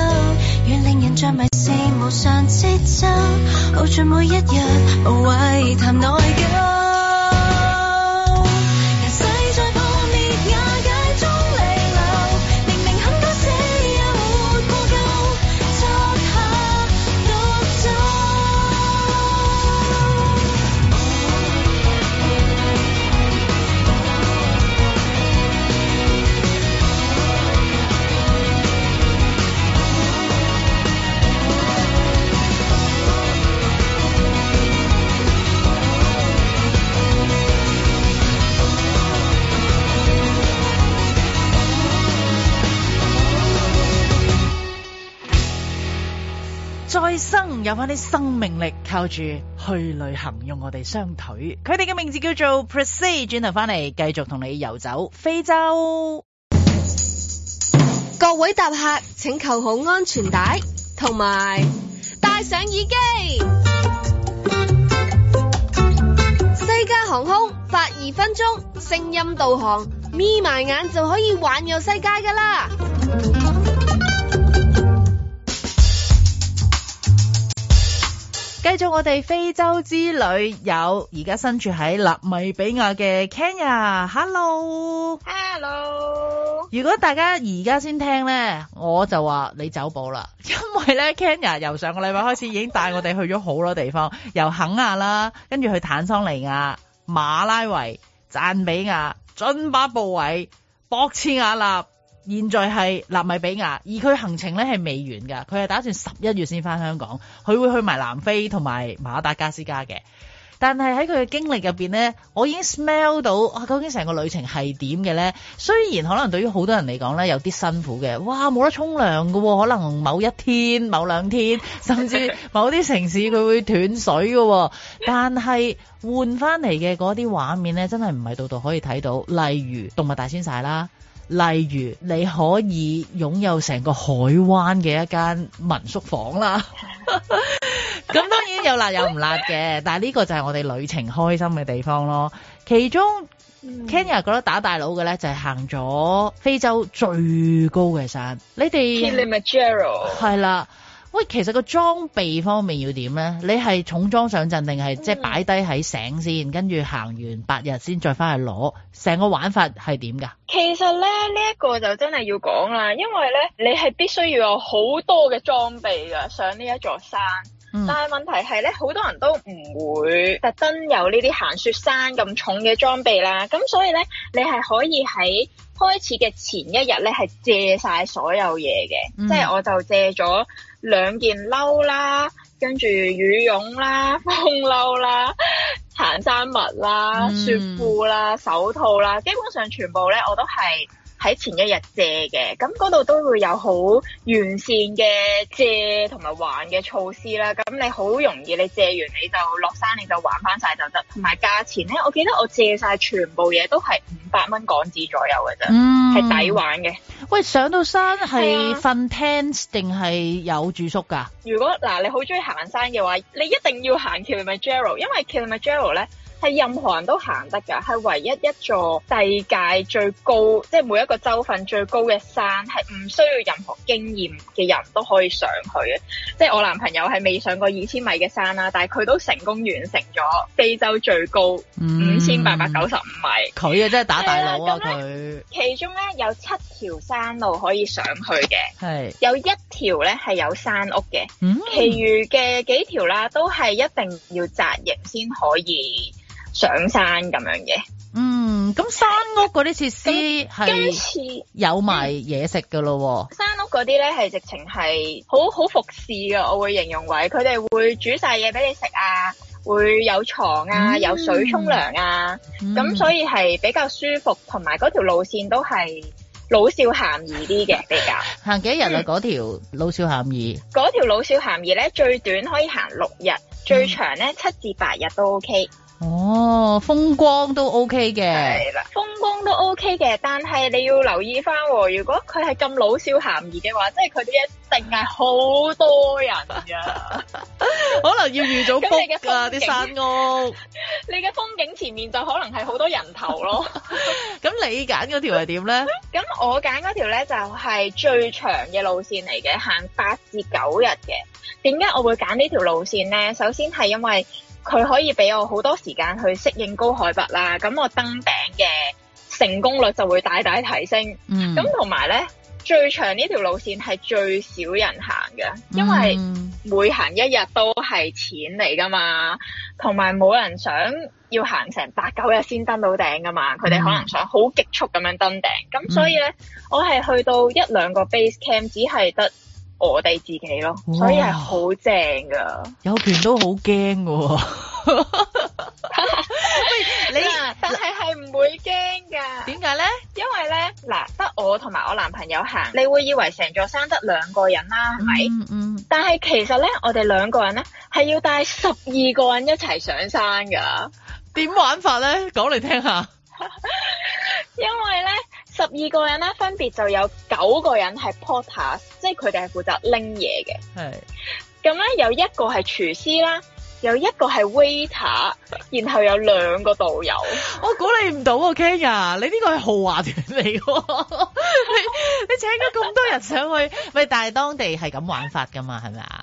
越令人着迷是無常節奏，耗盡每一日，無謂談內疚。有翻啲生命力，靠住去旅行用我哋雙腿。佢哋嘅名字叫做 Proceed，轉頭翻嚟繼續同你遊走非洲。各位搭客，請扣好安全帶，同埋戴上耳機。西加航空發二分鐘聲音導航，眯埋眼就可以環遊世界噶啦！繼續我哋非洲之旅，有而家身處喺納米比亞嘅 Kenya，Hello，Hello。Hello! 如果大家而家先聽呢，我就話你走寶啦，因為呢 Kenya 由上個禮拜開始已經帶我哋去咗好多地方， [LAUGHS] 由肯亞啦，跟住去坦桑尼亞、馬拉維、贊比亞、津巴布韋、博茨瓦納。現在係納米比亞，而佢行程咧係未完噶，佢係打算十一月先翻香港，佢會去埋南非同埋馬達加斯加嘅。但係喺佢嘅經歷入邊呢，我已經 smell 到、啊、究竟成個旅程係點嘅呢？雖然可能對於好多人嚟講呢，有啲辛苦嘅，哇冇得沖涼噶，可能某一天、某兩天，甚至某啲城市佢會斷水噶。但係換翻嚟嘅嗰啲畫面呢，真係唔係度度可以睇到，例如動物大遷徙啦。例如你可以擁有成個海灣嘅一間民宿房啦，咁當然有辣有唔辣嘅， [LAUGHS] 但係呢個就係我哋旅程開心嘅地方咯。其中、嗯、Kenya 覺得打大佬嘅咧，就係、是、行咗非洲最高嘅山，你哋 k 啦。喂，其實個裝備方面要點咧？你係重裝上陣定係即係擺低喺醒先，嗯、跟住行完八日先再翻去攞？成個玩法係點噶？其實咧呢一個就真係要講啦，因為咧你係必須要有好多嘅裝備噶上呢一座山。嗯、但係問題係咧，好多人都唔會特登有呢啲行雪山咁重嘅裝備啦。咁所以咧，你係可以喺開始嘅前一日咧係借晒所有嘢嘅，嗯、即係我就借咗。兩件褸啦，跟住羽絨啦、風褸啦、行山襪啦、雪褲啦、手套啦，基本上全部咧我都係。喺前一日借嘅，咁嗰度都會有好完善嘅借同埋還嘅措施啦。咁你好容易，你借完你就落山你就玩翻晒就得。同埋、嗯、價錢咧，我記得我借晒全部嘢都係五百蚊港紙左右嘅啫，係抵、嗯、玩嘅。喂，上到山係瞓 tent 定係有住宿噶？如果嗱、呃、你好中意行山嘅話，你一定要行 Kilimanjaro，因為 Kilimanjaro 咧。係任何人都行得噶，係唯一一座世界最高，即係每一個州份最高嘅山，係唔需要任何經驗嘅人都可以上去嘅。即係我男朋友係未上過二千米嘅山啦，但係佢都成功完成咗非洲最高五千八百九十五米。佢啊、嗯、真係打大佬啊佢！啊他其中呢，有七條山路可以上去嘅，係是有一條呢係有山屋嘅，嗯、其餘嘅幾條啦都係一定要紮營先可以。上山咁樣嘅，嗯嗯，嗯，咁山屋嗰啲設施係有埋嘢食噶咯。山屋嗰啲咧，係直情係好好服侍噶。我會形容為佢哋會煮晒嘢俾你食啊，會有床啊，有水沖涼啊，咁，嗯嗯，所以係比較舒服，同埋嗰條路綫都係老少咸宜啲嘅比較 [LAUGHS] 行幾日啊？嗰條，嗯，老少咸宜嗰條老少咸宜咧，最短可以行六日，最長咧，七至八日都 O、OK、K。哦，風光都 OK 嘅，係啦，風光都 OK 嘅，但係你要留意翻，如果佢係咁老少咸宜嘅話，即係佢哋一定係好多人噶， [LAUGHS] 可能要預早 book 啲山屋。 [LAUGHS] 你嘅風景前面就可能係好多人頭咯 [LAUGHS] [LAUGHS] 咁你揀嗰條係點咧？咁我揀嗰條咧就係、是、最長嘅路線嚟嘅，行八至九日嘅。點解我會揀呢條路線咧？首先係因為。佢可以俾我好多時間去適應高海拔啦，咁我登頂嘅成功率就會大大，大提升。咁同埋咧，最長呢條路線係最少人行嘅，因為每行一日都係錢嚟噶嘛，同埋冇人想要行成八九日先登到頂噶嘛，佢哋、嗯、可能想好極速咁樣登頂。咁、嗯、所以咧，嗯、我係去到一兩個 base camp 只係得。我哋自己咯，哇所以係好正噶。有團都好驚噶， [LAUGHS] [LAUGHS] 喂 [LAUGHS] 你但你係唔會驚噶？點解咧？因為咧，嗱，得我同埋我男朋友行，你會以為成座山得兩個人啦，係咪？嗯嗯。是是嗯但係其實咧，我哋兩個人咧係要帶十二個人一齊上山噶。點 [LAUGHS] 玩法咧？講嚟聽，聽下。 [LAUGHS] 因為咧。十二個人咧，分別就有九個人係 porter，即係佢哋係負責拎嘢嘅。係是。咁咧有一個係廚師啦，有一個係 waiter，然後有兩個導遊。 [LAUGHS] 我估你唔到啊，Ken 啊！你呢個係豪華團嚟㗎， [LAUGHS] 你你請咗咁多人上去，咪 [LAUGHS] 但係當地係咁玩法㗎嘛，係咪啊？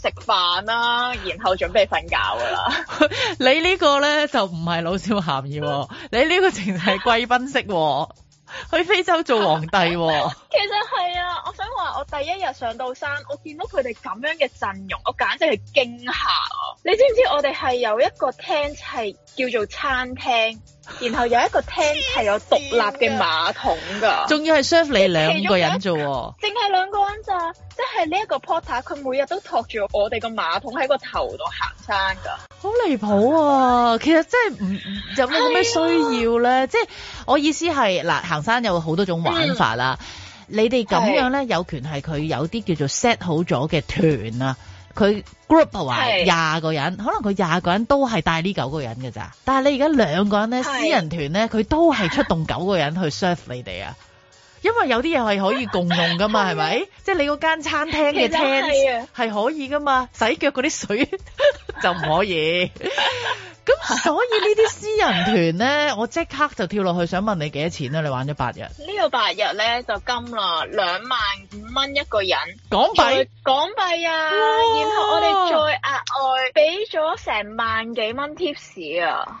食飯啦、啊，然後準備瞓覺㗎啦。 [LAUGHS] 你呢個咧就唔係老少咸宜、啊， [LAUGHS] 你呢個淨係貴賓式、啊， [LAUGHS] 去非洲做皇帝、啊。 [LAUGHS] 其實係啊，我想話我第一日上到山，我見到佢哋咁樣嘅陣容，我簡直係驚嚇啊！你知唔知我哋係有一個 tent 係叫做餐廳，然後有一個廳係有獨立嘅馬桶噶，仲要係 serve 你兩個人啫喎，淨係兩個人咋，即係呢一個 porter 佢每日都托住我哋個馬桶喺個頭度行山噶，好離譜啊！嗯、其實即係唔有咩咩需要咧，啊、即係我意思係嗱，行山有好多種玩法啦，嗯、你哋咁樣咧是有權係佢有啲叫做 set 好咗嘅團啊。佢 group 啊，廿個人，是可能佢廿個人都係帶呢九個人嘅咋，但係你而家兩個人咧，是私人團咧，佢都係出動九個人去 search 你哋啊。因為有啲嘢係可以共用噶嘛，係咪 [LAUGHS] 吧？即係你嗰間餐廳嘅廳係可以噶嘛，洗腳嗰啲水 [LAUGHS] 就唔可以。咁 [LAUGHS] 所以呢啲私人團咧，我即刻就跳落去想問你幾多錢啦，啊？你玩咗八日？個呢個八日咧就金啦，兩萬五蚊一個人，港幣幣，港幣啊！哇然後我哋再額外俾咗成萬幾蚊 t 士 p s 啊！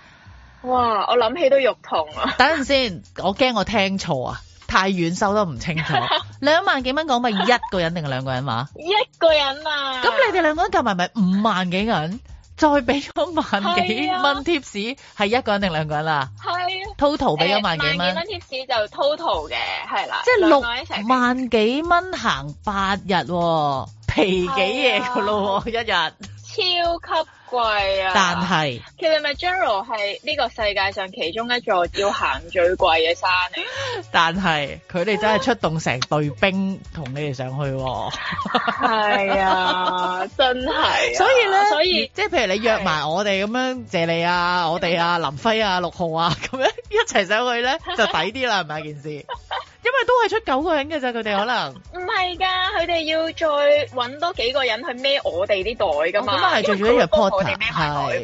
哇，我諗起都肉痛啊！等陣先，我驚我聽錯啊！太遠收得唔清楚，兩 [LAUGHS] 萬幾蚊講咪一個人定係兩個人話？ [LAUGHS] 一個人啊！咁你哋兩個人夾埋咪五萬幾銀，再俾咗萬幾蚊 tips 係一個人定兩個人啦？係，total 俾咗萬幾蚊 tips 就 total 嘅，係啦。即係六萬幾蚊行八日，皮幾嘢噶咯，一日天。超級。貴啊！但係是其實咪 General 係呢個世界上其中一座要行最貴嘅山。 [LAUGHS] 但係佢哋真係出動成隊兵同你哋上去，啊。係 [LAUGHS] 啊，真係，啊。 [LAUGHS] 所以咧，所以即係譬如你約埋我哋咁樣，謝你啊，我哋啊， [LAUGHS] 林輝啊，陸浩啊，咁樣一齊上去咧就抵啲啦，係咪件事？因為都係出九個人嘅啫，佢哋、啊、可能唔係㗎，佢哋要再搵多幾個人去孭我哋啲袋㗎嘛，全部、哦、都幫我哋孭袋，係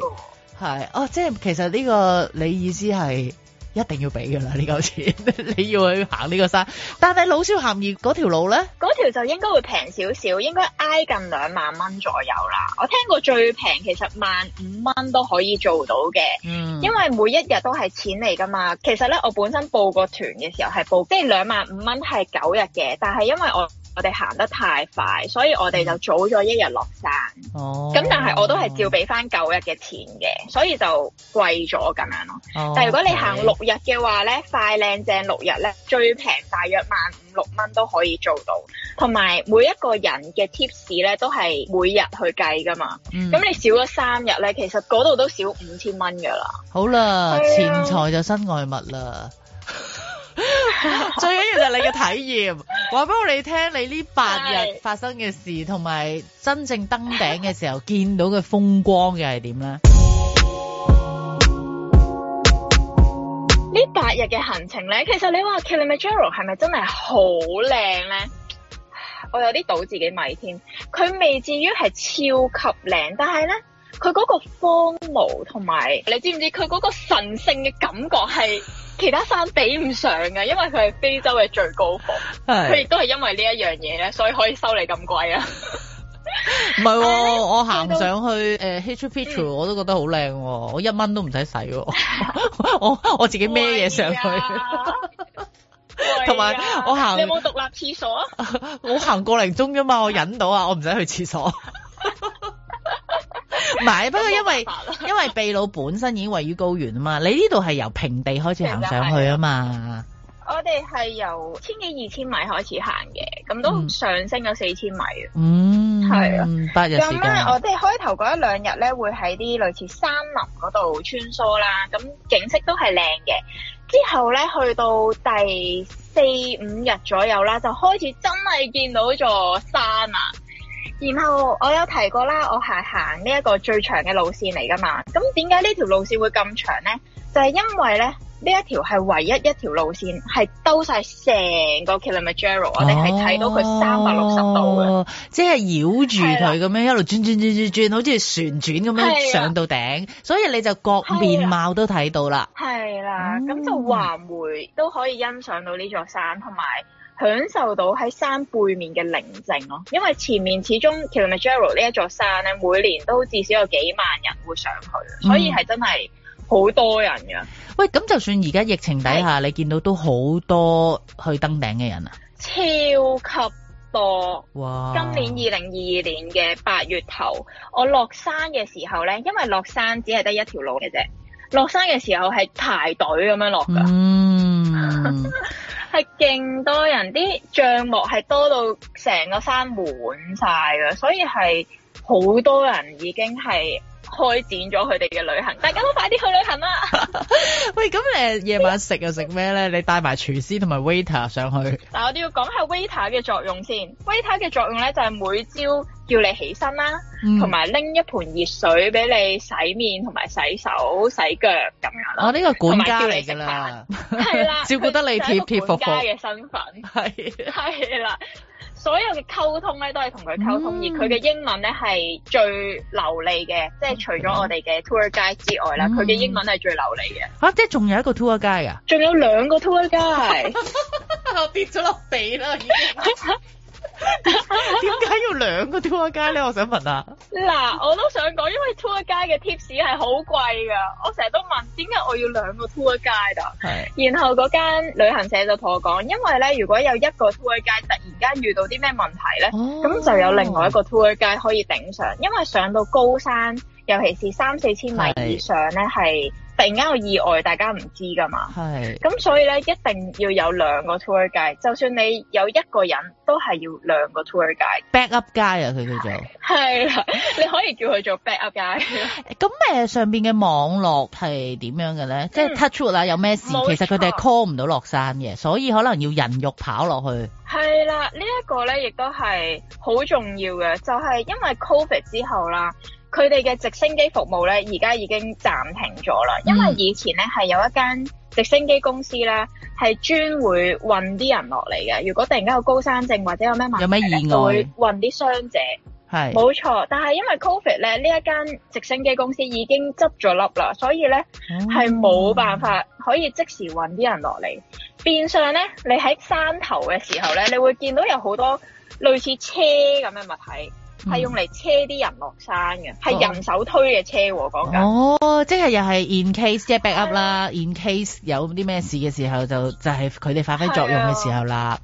係哦，即係其實呢個你意思係。一定要俾噶啦，呢嚿錢 [LAUGHS] 你要去行呢個山，但係老少咸宜嗰條路咧？嗰條就應該會平少少，應該挨近兩萬蚊左右啦。我聽過最平，其實萬五蚊都可以做到嘅。嗯，因為每一日都係錢嚟噶嘛。其實咧，我本身報個團嘅時候係報即係兩萬五蚊係九日嘅，但係因為我。我哋行得太快，所以我哋就早咗一日落山。哦，咁但係我都係照俾翻九日嘅錢嘅，所以就貴咗咁樣咯。Oh, 但係如果你行六日嘅話咧，Okay. 快靚正六日咧，最平大約萬五六蚊都可以做到。同埋每一個人嘅 tips 咧都係每日去計噶嘛。嗯，咁你少咗三日咧，其實嗰度都少五千蚊噶啦。好啦，錢財、啊、就身外物啦。 [LAUGHS] 最緊要就係你嘅體驗，話俾我你聽，你呢八日發生嘅事，同埋是真正登頂嘅時候 [LAUGHS] 見到嘅風光嘅係點咧？呢八日嘅行程咧，其實你話 Kilimanjaro 係咪真係好靚咧？我有啲倒自己米添，佢未至於係超級靚，但係咧，佢嗰個荒蕪同埋，你知唔知佢嗰個神聖嘅感覺係？ [LAUGHS] 其他山比唔上㗎，因為佢係非洲嘅最高峰。係。佢亦都係因為呢一樣嘢咧，所以可以收你咁貴啊，啊。唔係，我行上去，誒，Hill Feature，我都覺得好靚，啊。我一蚊都唔使使，我我自己孭嘢上，上去。同埋我行，你有冇獨立廁所啊？我行個零鐘啫嘛，我忍到啊，我唔使去廁所。唔係，不過因為因為秘魯本身已經位於高原啊嘛， [LAUGHS] 你呢度係由平地開始行上去啊嘛。我哋係由千幾二千米開始行嘅，咁、嗯、都上升咗四千米。嗯，係啊。咁咧，我哋開頭嗰一兩日咧，會喺啲類似山林嗰度穿梭啦，咁景色都係靚嘅。之後咧，去到第四五日左右啦，就開始真係見到座山啊！然後我有提過啦，我係行呢一個最長嘅路線嚟㗎嘛。咁點解呢條路線會咁長咧？就係、是、因為咧，呢一條係唯一一條路線，係兜晒成個 Kilimanjaro、哦、我哋係睇到佢三百六十度嘅、哦，即係繞住佢咁樣一路轉轉轉轉轉，的好似旋轉咁樣上到頂，的所以你就各面貌都睇到啦。係啦的，咁就環回都可以欣賞到呢座山同埋。嗯嗯享受到喺山背面嘅寧靜咯，因為前面始終其實咪 Gerald 呢一座山咧，每年都至少有幾萬人會上去，嗯、所以係真係好多人嘅。喂，咁就算而家疫情底下，是你見到都好多去登頂嘅人啊！超級多，哇今年二零二二年嘅八月頭，我落山嘅時候咧，因為落山只係得一條路嘅啫。落山嘅時候係排隊咁樣落㗎。嗯，係勁 [LAUGHS] 多人，啲帳幕係多到成個山滿晒㗎，所以係好多人已經係。開展咗佢哋嘅旅行，大家都快啲去旅行啦！ [LAUGHS] 喂，咁你夜晚食又食咩咧？你帶埋廚師同埋 waiter 上去。嗱， [LAUGHS] 我哋要講下 waiter 嘅作用先。waiter 嘅作用咧就係每朝叫你起身啦，同埋拎一盤熱水俾你洗面同埋洗手洗腳咁樣。我呢、啊呢個管家嚟㗎啦，係啦， [LAUGHS] 照顧得你貼貼服服嘅身份，係係啦。所有嘅溝通咧都係同佢溝通，嗯、而佢嘅英文咧係最流利嘅，嗯、即係除咗我哋嘅 Tour Guide 之外啦，佢嘅、嗯、英文係最流利嘅。嚇、啊！即係仲有一個 Tour Guide 啊？仲有兩個 Tour Guide 我跌咗落地啦！已經 [LAUGHS] 點解 [LAUGHS] 要兩個 tour guide 呢？我想問啊！嗱，我都想講，因為 tour guide 嘅 tips 係好貴噶，我成日都問點解我要兩個 tour guide 啊是？然後嗰間旅行社就同我講，因為呢，如果有一個 tour guide 突然間遇到啲咩問題呢，咁、哦、就有另外一個 tour guide 可以頂上，因為上到高山，尤其是三四千米以上呢，係是。突然間有意外，大家唔知噶嘛。係是。咁所以咧，一定要有兩個 tour guide。就算你有一個人都係要兩個 tour guide。back up guy 啊，佢叫做。係啦， [LAUGHS] 你可以叫佢做 back up guy。咁誒， [LAUGHS] 上邊嘅網絡係點樣嘅咧？嗯、即係 touch wood 啦，有咩事？嗯、其實佢哋係 call 唔到落山嘅，所以可能要人肉跑落去。係啦，這個、呢一個咧亦都係好重要嘅，就係、是、因為 COVID 之後啦。佢哋嘅直升機服務咧，而家已經暫停咗啦。嗯、因為以前咧係有一間直升機公司咧，係專會運啲人落嚟嘅。如果突然間有高山症或者有咩問題，有咩意外會運啲傷者。係是。冇錯，但係因為 COVID 咧，呢一間直升機公司已經執咗笠啦，所以咧係冇辦法可以即時運啲人落嚟。變相咧，你喺山頭嘅時候咧，你會見到有好多類似車咁嘅物體。係用嚟車啲人落山嘅，係人手推嘅車、啊。講緊哦，哦，即係又係 in case 即係 backup 啦、啊、in case 有啲咩事嘅時候就就係佢哋發揮作用嘅時候啦。啊、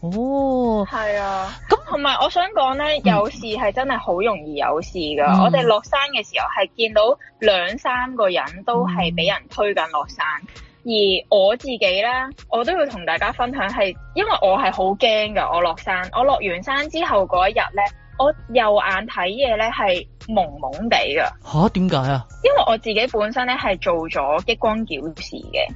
哦，係啊。咁同埋我想講咧，嗯、有事係真係好容易有事噶。嗯、我哋落山嘅時候係見到兩三個人都係俾人推緊落山，嗯、而我自己咧，我都要同大家分享係，因為我係好驚噶。我落山，我落完山之後嗰一日咧，我右眼睇嘢咧係蒙蒙地噶吓，點解啊？為因為我自己本身咧係做咗激光矯視嘅，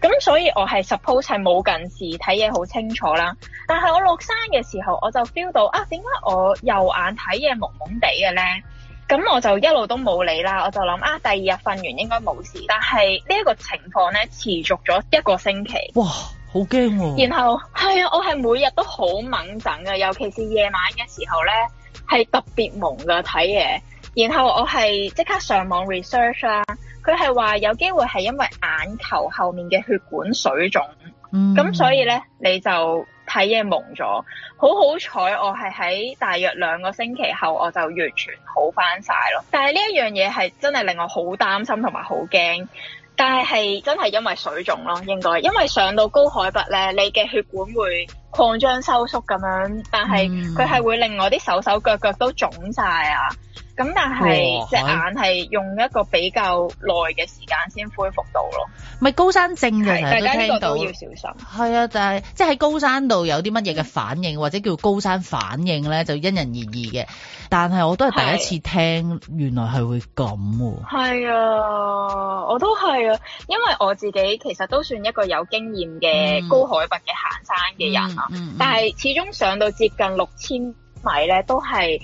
咁所以我係 suppose 係冇近視，睇嘢好清楚啦。但係我落山嘅時候我、啊我蒙蒙我，我就 feel 到啊，點解我右眼睇嘢蒙蒙地嘅咧？咁我就一路都冇理啦，我就諗啊，第二日瞓完應該冇事。但係呢一個情況咧持續咗一個星期，哇，好驚、啊！然後係啊，我係每日都好矇陣嘅，尤其是夜晚嘅時候咧，係特別蒙㗎睇嘢，然後我係即刻上網 research 啦，佢係話有機會係因為眼球後面嘅血管水腫，咁、嗯、所以呢，你就睇嘢蒙咗。好好彩，我係喺大約兩個星期後我就完全好返晒咯。但係呢一樣嘢係真係令我好擔心同埋好驚。但係係真係因為水腫咯，應該因為上到高海拔咧，你嘅血管會擴張收縮咁樣，但係佢係會令我啲手手腳腳都腫晒啊！咁但係隻眼係用一個比較耐嘅時間先恢復到咯，咪高山症啊！大家聽到呢個都要小心。係啊，但係即係喺高山度有啲乜嘢嘅反應，或者叫做高山反應咧，就因人而異嘅。但係我都係第一次聽，原來係會咁喎。係啊，我都係啊，因為我自己其實都算一個有經驗嘅高海拔嘅行山嘅人啊。嗯嗯嗯。但係始終上到接近六千米咧，都係。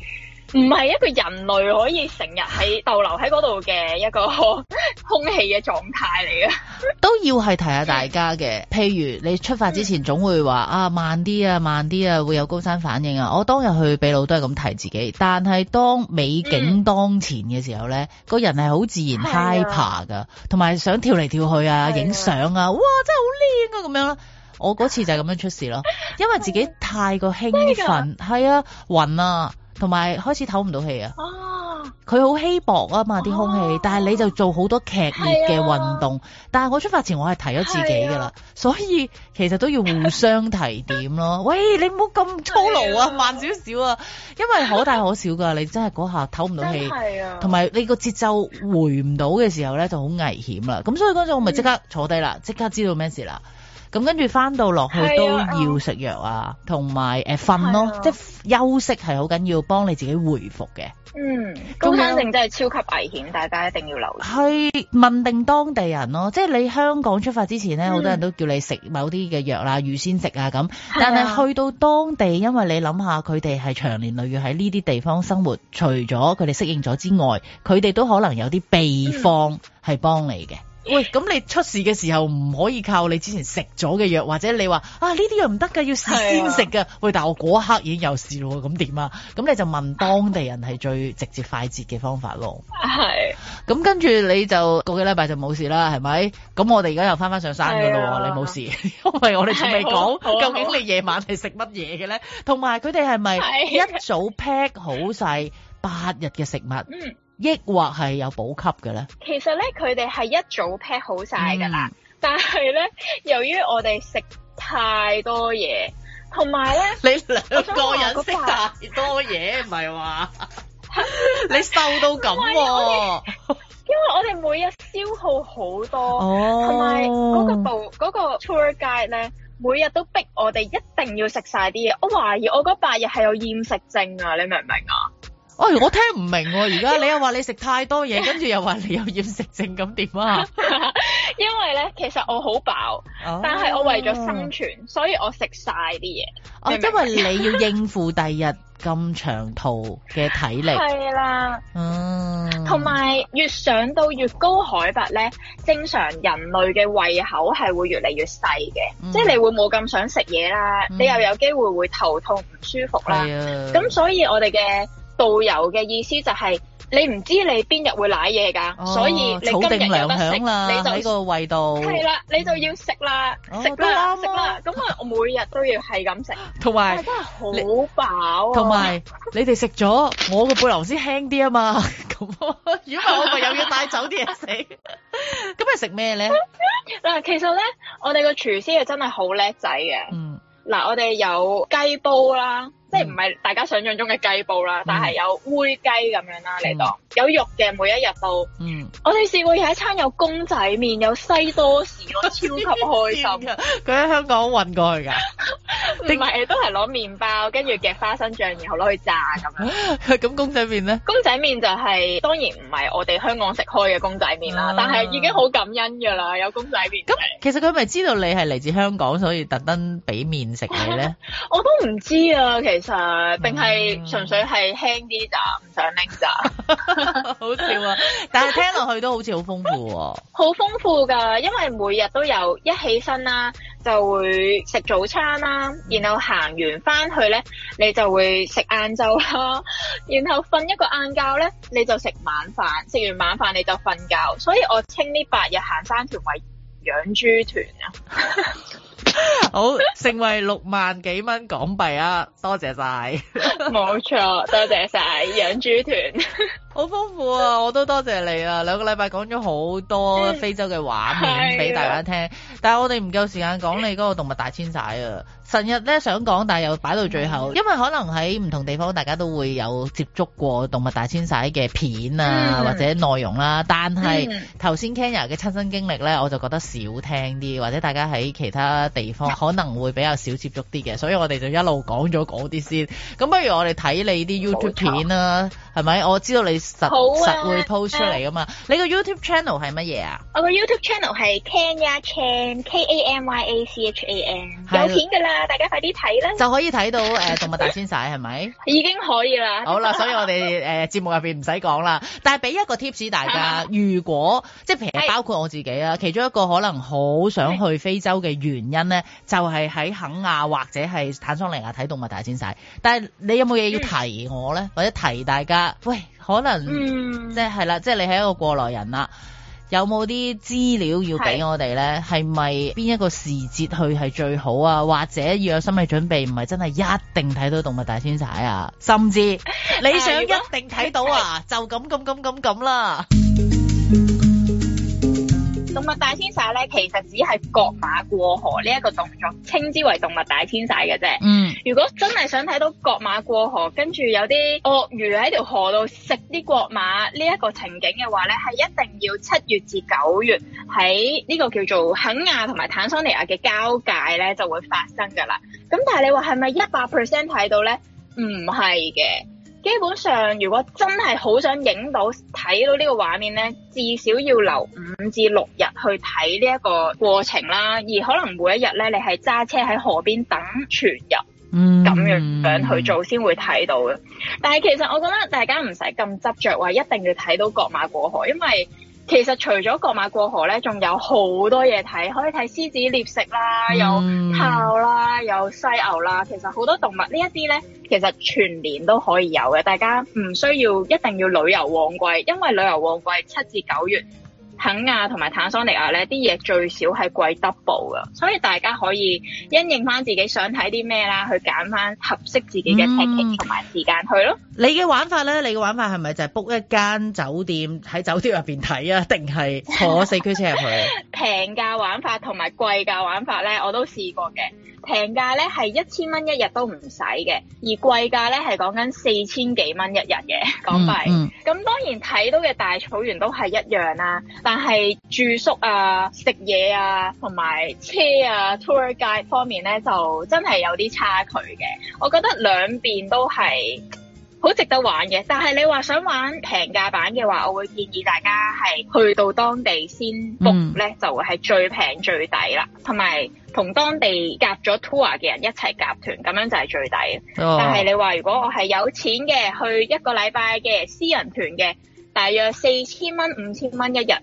唔係一個人類可以成日喺逗留喺嗰度嘅一個空氣嘅狀態嚟嘅。 [LAUGHS] 都要係提下大家嘅，譬如你出發之前總會話、嗯、啊慢啲啊慢啲啊會有高山反應啊。我當日去秘魯都係咁提自己，但係當美景當前嘅時候呢，個、嗯、人係好自然 hyper 噶，同埋、啊、想跳嚟跳去啊，影相啊，啊，哇真係好靚啊咁樣咯。我嗰次就係咁樣出事咯，唉因為自己太過興奮，係啊暈啊！同埋開始唞唔到氣啊！佢好稀薄啊嘛啲空氣，啊、但係你就做好多劇烈嘅運動。啊、但係我出發前我係提咗自己㗎啦，啊、所以其實都要互相提點咯。 [LAUGHS] 喂，你唔好咁操勞啊，啊慢少少啊，因為可大可小㗎。啊、你真係嗰下唞唔到氣，同埋、啊、你個節奏回唔到嘅時候咧就好危險啦。咁所以嗰陣我咪即刻坐低啦，即刻知道咩事啦。咁跟住翻到落去都要食藥啊，同埋誒瞓咯，啊、即係休息係好緊要，幫你自己回復嘅。嗯，咁肯定真係超級危險，有大家一定要留意。係問定當地人咯，即係你香港出發之前咧，好、嗯、多人都叫你食某啲嘅藥啦、預先食啊咁。但係去到當地，因為你諗下佢哋係長年累月喺呢啲地方生活，除咗佢哋適應咗之外，佢哋都可能有啲秘方係幫你嘅。嗯。喂，咁你出事嘅時候唔可以靠你之前食咗嘅藥，或者你話啊呢啲藥唔得噶，要先食噶。啊、喂，但我嗰一刻已經有事咯，咁點啊？咁你就問當地人係最直接快捷嘅方法咯。係、啊。咁跟住你就個幾禮拜就冇事啦，係咪？咁我哋而家又翻翻上山噶啦，啊、你冇沒事， [LAUGHS] 因為我哋仲未講究竟你夜晚係食乜嘢嘅咧，同埋佢哋係咪一早 pack 好晒八日嘅食物？嗯是、啊。 [LAUGHS] 抑或係有補給嘅咧？其實咧，佢哋係一早 pack 好晒㗎啦。嗯、但係咧，由於我哋食太多嘢，同埋咧， [LAUGHS] 你兩個人食太多嘢，唔係話你瘦到咁、啊。因為我哋每日消耗好多，同埋嗰個部嗰、嗰個、tour guide 咧，每日都逼我哋一定要食晒啲嘢。我懷疑我嗰八日係有厭食症啊！你明唔明啊？哦、哎，我聽唔明，啊。而家你又話你食太多嘢，跟住 [LAUGHS] 又話你有厭食症咁點啊？ [LAUGHS] 因為咧，其實我好飽，哦、但係我為咗生存，所以我食晒啲嘢。哦，因為你要應付第日咁長途嘅體力。係 [LAUGHS] 啦，嗯，同埋越上到越高海拔咧，正常人類嘅胃口係會越嚟越細嘅，嗯、即係你會冇咁想食嘢啦，嗯、你又有機會會頭痛唔舒服啦。咁呀所以我哋嘅導遊嘅意思就係你唔知你邊日會攋嘢㗎，所以你今日有得食，你就喺個胃道，係啦，你就要食啦，食啦，食啦，咁啊，我每日都要係咁食。同埋真係好飽。同埋你哋食咗，我個背囊先輕啲啊嘛。咁如果我咪又要帶走啲嘢食，咁係食咩咧？嗱，其實咧，我哋個廚師係真係好叻仔嘅。嗯。嗱，我哋有雞煲啦。即係唔係大家想象中嘅雞煲啦，但係有烏雞咁樣啦，你當有肉嘅每一日都。嗯。我哋試過有一餐有公仔麵有西多士，我超級開心啊！佢喺香港運過去噶？唔係，都係攞麵包，跟住夾花生醬，然後攞去炸咁樣。咁公仔麵咧？公仔麵就係當然唔係我哋香港食開嘅公仔麵啦，但係已經好感恩噶啦，有公仔麵。咁其實佢咪知道你係嚟自香港，所以特登俾麵食你咧？我都唔知啊，其實。定係純粹係輕啲咋，唔想拎咋， [LAUGHS] 好笑啊！但係聽落去都好似好豐富喎，啊，好 [LAUGHS] 豐富㗎，因為每日都有一起身啦，啊，就會食早餐啦，啊，然後行完翻去呢，你就會食晏晝啦，然後瞓一個晏覺呢，你就食晚飯，食完晚飯你就瞓覺，所以我稱呢八日行山團為養豬團啊！ [LAUGHS] 好，成為六萬幾蚊港幣啊！多謝晒，冇錯，多謝晒。養豬團，好豐富啊！我都多謝你啊！兩個禮拜講咗好多非洲嘅畫面俾大家聽，但係我哋唔夠時間講你嗰個動物大遷徙啊！成日咧想講，但係又擺到最後，因為可能喺唔同地方，大家都會有接觸過動物大遷徙嘅片啊，或者內容啦。但係頭先 Kenya 嘅親身經歷呢，我就覺得少聽啲，或者大家喺其他地方可能會比較少接觸啲嘅，所以我哋就一路講咗嗰啲先。咁不如我哋睇你啲 YouTube 片啦。係咪？我知道你實實會 post 出嚟噶嘛？你個 YouTube channel 係乜嘢啊？我個 YouTube channel 係 Kamya Chan，K A M Y A C H A N。有片㗎啦，大家快啲睇啦！就可以睇到誒動物大遷徙係咪？已經可以啦。好啦，所以我哋誒節目入邊唔使講啦。但係俾一個 tips 大家，如果即係譬如包括我自己啊，其中一個可能好想去非洲嘅原因咧，就係喺肯亞或者係坦桑尼亞睇動物大遷徙。但係你有冇嘢要提我咧，或者提大家？喂，可能、嗯、即係啦，即係你係一個過來人啦，有冇啲資料要俾我哋咧？係咪邊一個時節去係最好啊？或者要有心理準備，唔係真係一定睇到動物大遷徙啊？甚至、 [LAUGHS] 啊、你想一定睇到啊， [LAUGHS] 就咁咁咁咁咁啦。動物大遷徙咧，其實只係角馬過河呢一個動作，稱之為動物大遷徙嘅啫。嗯，如果真係想睇到角馬過河，跟住有啲鱷魚喺條河度食啲角馬呢一個情景嘅話咧，係一定要七月至九月喺呢個叫做肯亞同埋坦桑尼亞嘅交界咧就會發生噶啦。咁但係你話係咪一百 percent 睇到咧？唔係嘅。基本上，如果真係好想影到睇到呢個畫面呢，至少要留五至六日去睇呢一個過程啦。而可能每一日呢，你係揸車喺河邊等船入，咁樣樣去做先會睇到嘅。但係其實我覺得大家唔使咁執着，話一定要睇到角馬過河，因為。其實除咗過馬過河咧，仲有好多嘢睇，可以睇獅子獵食啦，有豹啦，有犀牛啦。其實好多動物呢一啲咧，其實全年都可以有嘅，大家唔需要一定要旅遊旺季，因為旅遊旺季七至九月。肯亞同埋坦桑尼亞咧，啲嘢最少係貴 double 㗎，所以大家可以因應翻自己想睇啲咩啦，去揀翻合適自己嘅 package 同埋時間去咯。你嘅玩法咧，你嘅玩法係咪就係 book 一間酒店喺酒店入邊睇啊，定係坐四驅車入去？ [LAUGHS] 平價玩法同埋貴價玩法咧，我都試過嘅。平價咧係一千蚊一日都唔使嘅，而貴價咧係講緊四千幾蚊一日嘅港幣。咁、嗯嗯、當然睇到嘅大草原都係一樣啦，但但係住宿啊、食嘢啊、同埋車啊、tour guide 方面咧，就真係有啲差距嘅。我覺得兩邊都係好值得玩嘅。但係你話想玩平價版嘅話，我會建議大家係去到當地先 book 咧，嗯、就會係最平最抵啦。同埋同當地夾咗 tour 嘅人一齊夾團，咁樣就係最抵。哦、但係你話如果我係有錢嘅，去一個禮拜嘅私人團嘅，大約四千蚊、五千蚊一日。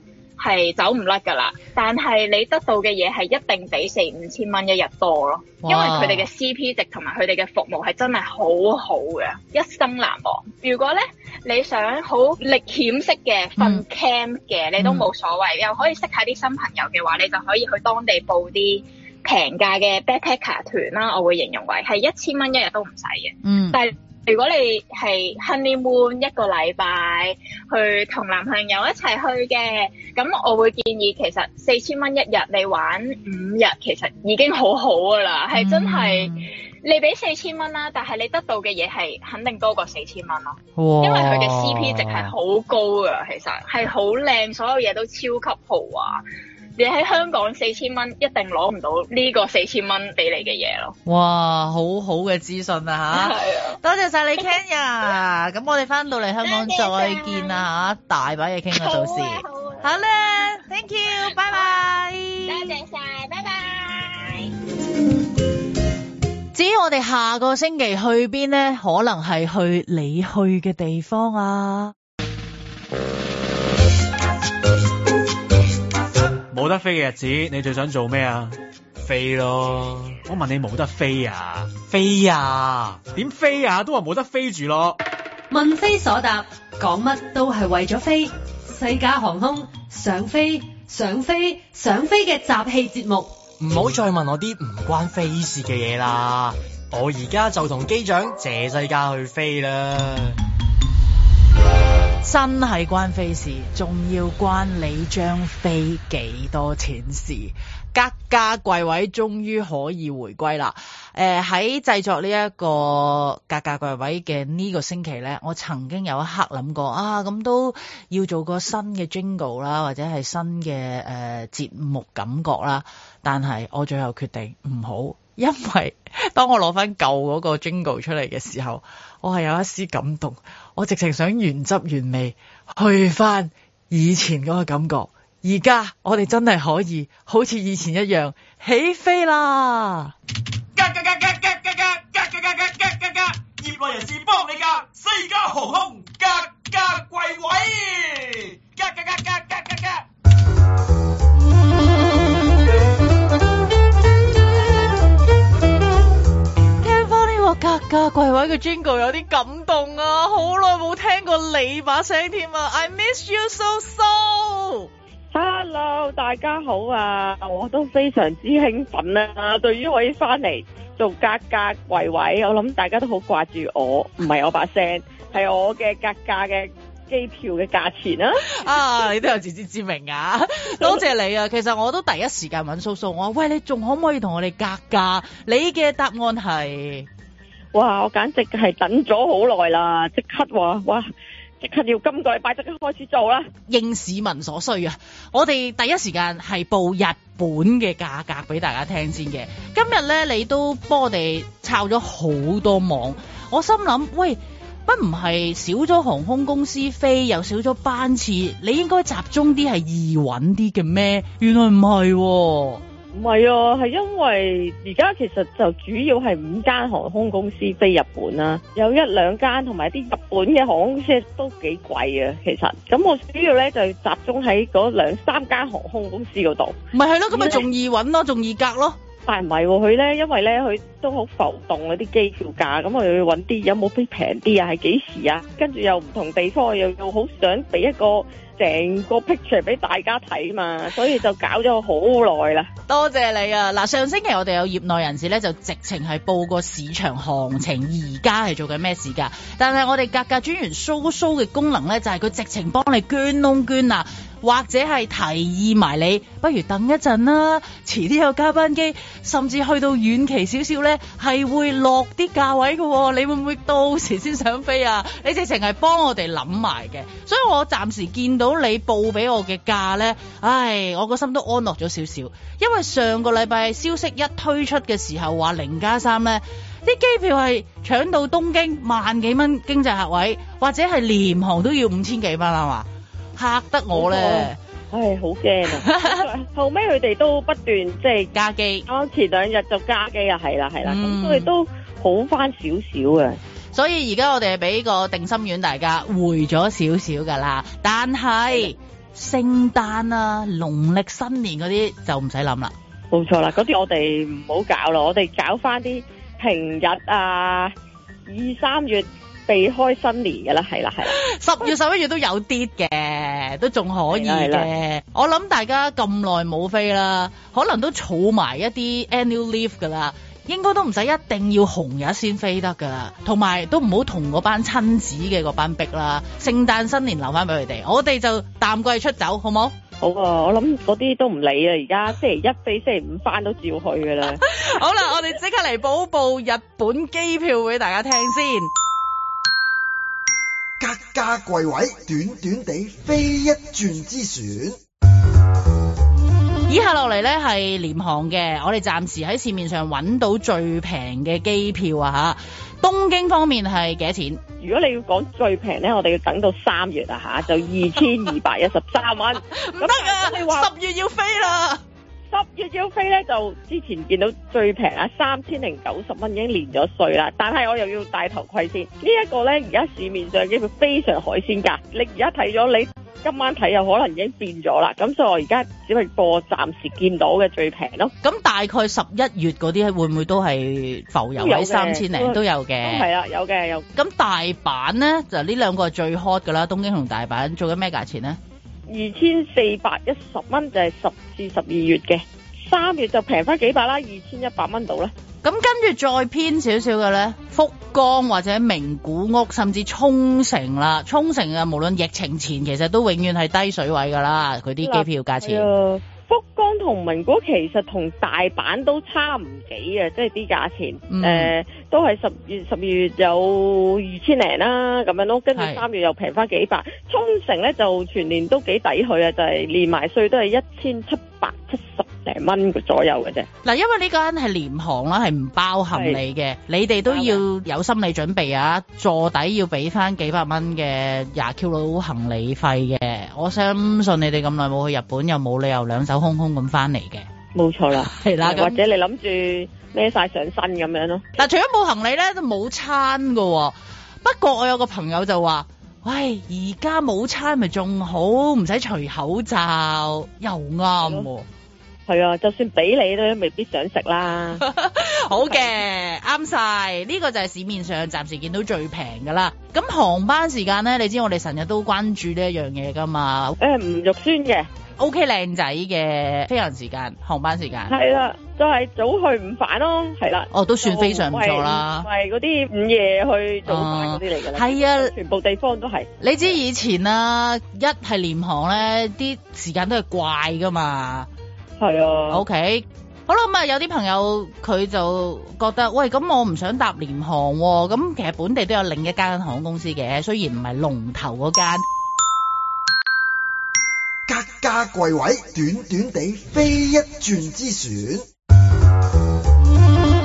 係走唔甩㗎啦，但係你得到嘅嘢係一定比四五千蚊一日多咯，哇因為佢哋嘅 CP 值同埋佢哋嘅服務係真係好好嘅，一生難忘。如果咧你想好歷險式嘅瞓 camp 嘅，你都冇所謂，嗯、又可以識下啲新朋友嘅話，你就可以去當地報啲平價嘅 backpacker 團啦。我會形容為係一千蚊一日都唔使嘅，嗯、但係。如果你係 Honeymoon 一個禮拜，去同男朋友一齊去嘅，咁我會建議其實四千蚊一日你玩五日，其實已經好好噶啦，係、嗯、真係你俾四千蚊啦，但係你得到嘅嘢係肯定多過四千蚊咯，哇因為佢嘅 CP 值係好高噶，其實係好靚，所有嘢都超級豪華。你喺香港四千蚊一定攞唔到呢個四千蚊俾你嘅嘢咯。哇，好好嘅資訊啊吓，係啊，多謝晒你 Kenya 啊，咁我哋翻到嚟香港再見啊嚇，大把嘢傾啊到時。好啦，Thank you，拜拜。多謝晒，拜拜。至於我哋下個星期去邊呢？可能係去你去嘅地方啊。 [MUSIC] 冇得飛嘅日子，你最想做咩啊？飛咯吧！我問你冇得飛啊？飛啊！點飛啊？都話冇得飛住咯。問非所答，講乜都係為咗飛。西加航空想，想飛想飛想飛嘅集氣節目。唔好、嗯、再問我啲唔關飛事嘅嘢啦！我而家就同機長借西加去飛啦。真係關飛事，仲要關你張飛幾多錢事？格價櫃位終於可以回歸啦！誒、呃，喺製作呢一個格價櫃位嘅呢個星期呢，我曾經有一刻諗過啊，咁都要做個新嘅 jingle 啦，或者係新嘅誒、呃、節目感覺啦。但係我最後決定唔好，因為當我攞翻舊嗰個 jingle 出嚟嘅時候，我係有一絲感動。我直情想原汁原味去翻以前嗰個感覺，而家我哋真係可以好似以前一樣起飛啦！格格格格格格格格格格格格格格格！業內人士幫你噶，西加航空格格貴位，格格格格格格格。啊、格價櫃位嘅 Jingle 有啲感動啊！好耐冇聽過你把聲添啊！I miss you so so。Hello，大家好啊！我都非常之興奮啊。對於可以翻嚟做格價櫃位，我諗大家都好掛住我，唔係我把聲，係 [LAUGHS] 我嘅格價嘅機票嘅價錢啊。 [LAUGHS] 啊，你都有自知之明啊！ [LAUGHS] 多謝你啊！其實我都第一時間揾蘇蘇，我話喂，你仲可唔可以同我哋格價？你嘅答案係？哇！我簡直係等咗好耐啦，即刻話哇，即刻要今個禮拜即刻開始做啦。應市民所需啊！我哋第一時間係報日本嘅價格俾大家聽先嘅。今日咧，你都幫我哋抄咗好多網，我心諗喂，不唔係少咗航空公司飛又少咗班次，你應該集中啲係易穩啲嘅咩？原來唔係喎。唔係啊，係因為而家其實就主要係五間航空公司飛日本啦，啊，有一兩間同埋啲日本嘅航空公司都幾貴啊。其實咁我主要咧就集中喺嗰兩三間航空公司嗰度。唔係係咯，咁咪仲易揾咯，仲易隔咯。但係唔係佢咧，因為咧佢都好浮動嗰啲機票價，咁我又要揾啲有冇飛平啲啊，係幾時啊？跟住又唔同地方，又又好想俾一個。成個 picture 俾大家睇啊嘛，所以就搞咗好耐啦。多謝你啊！嗱，上星期我哋有業內人士咧，就直情係報個市場行情，而家係做緊咩事㗎？但係我哋價格專員蘇蘇嘅功能咧，就係、是、佢直情幫你捐窿捐罅，或者係提議埋你，不如等一陣啦，遲啲有加班機，甚至去到遠期少少咧，係會落啲價位嘅、哦。你會唔會到時先想飛啊？你直情係幫我哋諗埋嘅，所以我暫時見到。如果你報俾我嘅價咧，唉，我個心都安樂咗少少，因為上個禮拜消息一推出嘅時候，話零加三咧，啲機票係搶到東京萬幾蚊經濟客位，或者係廉航都要五千幾蚊啊嘛，嚇得我咧，唉，好驚啊！ [LAUGHS] 後尾佢哋都不斷即係加機，就是、機前兩日就加機啊，係啦係啦，咁、嗯、所以都好翻少少啊。所以而家我哋俾個定心丸大家，回咗少少噶啦，但係聖誕啊、農曆新年嗰啲就唔使諗啦，冇錯啦，嗰啲我哋唔好搞啦，我哋搞翻啲平日啊二三月避開新年噶啦，係啦係啦，十月十一月都有啲嘅，都仲可以嘅。我諗大家咁耐冇飛啦，可能都儲埋一啲 annual leave 噶啦。應該都唔使一定要紅日先飛得噶啦，同埋都唔好同嗰班親子嘅嗰班逼啦。聖誕新年留翻俾佢哋，我哋就淡季出走，好冇？好啊，我諗嗰啲都唔理 [LAUGHS] [LAUGHS] 啊。而家星期一飛，星期五翻都照去噶啦。好啦，我哋即刻嚟補報日本機票俾大家聽先。格價貴位，短短地飛一轉之船。咧，係廉航嘅，我哋暫時喺市面上揾到最平嘅機票啊吓，東京方面係幾多錢？如果你要講最平咧，我哋要等到三月啊吓，就二千二百一十三蚊，唔得 [LAUGHS] 那啊，你話十月要飛啦。十月要飛咧，就之前見到最平啊，三千零九十蚊已經連咗稅啦。但係我又要戴頭盔先，這個、呢一個咧，而家市面上已經非常海鮮價。你而家睇咗，你今晚睇有可能已經變咗啦。咁所以我而家只係播暫時見到嘅最平咯。咁大概十一月嗰啲會唔會都係浮遊有三千零都有嘅？都係啦，有嘅有。咁大阪咧就呢兩個係最 hot 㗎啦，東京同大阪做緊咩價錢咧？二千四百一十蚊就係十至十二月嘅，三月就平翻幾百啦，二千一百蚊度啦。咁跟住再偏少少嘅呢，福岡或者名古屋甚至沖繩啦，沖繩啊無論疫情前其實都永遠係低水位噶啦，佢啲機票價錢。福岡同名古其實同大阪都差唔幾，就是嗯呃、啊，即係啲價錢，誒都係十月十二月有二千零啦咁樣咯，跟住三月又平返幾百。是沖繩呢就全年都幾抵去啊，就係、是、連埋稅都係一千七百七十。成蚊嘅左右嘅啫。嗱、啊，因為呢間係廉航啦，係唔包行李嘅。是你哋都要有心理準備啊，坐底要俾翻幾百蚊嘅廿 Q 佬行李費嘅。我相信你哋咁耐冇去日本，又冇理由兩手空空咁翻嚟嘅。冇錯啦，係啦。或者那你諗住孭晒上身咁樣咯。嗱、啊，除咗冇行李咧，都冇餐噶、啊。不過我有個朋友就話，喂，而家冇餐咪仲好，唔使除口罩，又啱、啊。係啊，就算俾你都未必想食啦。好 [NOISE] 嘅樂，啱晒呢個就係市面上暫時見到最平噶啦。咁航班時間咧，你知我哋成日都關注呢一樣嘢噶嘛？誒、呃，唔肉酸嘅，OK，靚仔嘅。飛行時間，航班時間係啦，就係、是、早去唔返咯。係啦，哦，都算非常唔錯啦。唔係嗰啲午夜去早返嗰啲嚟噶咧。係啊、嗯，全部地方都係。的你知以前啊，一係廉航咧，啲時間都係怪噶嘛。係啊，O K，好啦，咁啊有啲朋友佢就覺得喂，咁我唔想搭廉航，咁其實本地都有另一間航空公司嘅，雖然唔係龍頭嗰間，格價貴位，短短地飛一轉之選。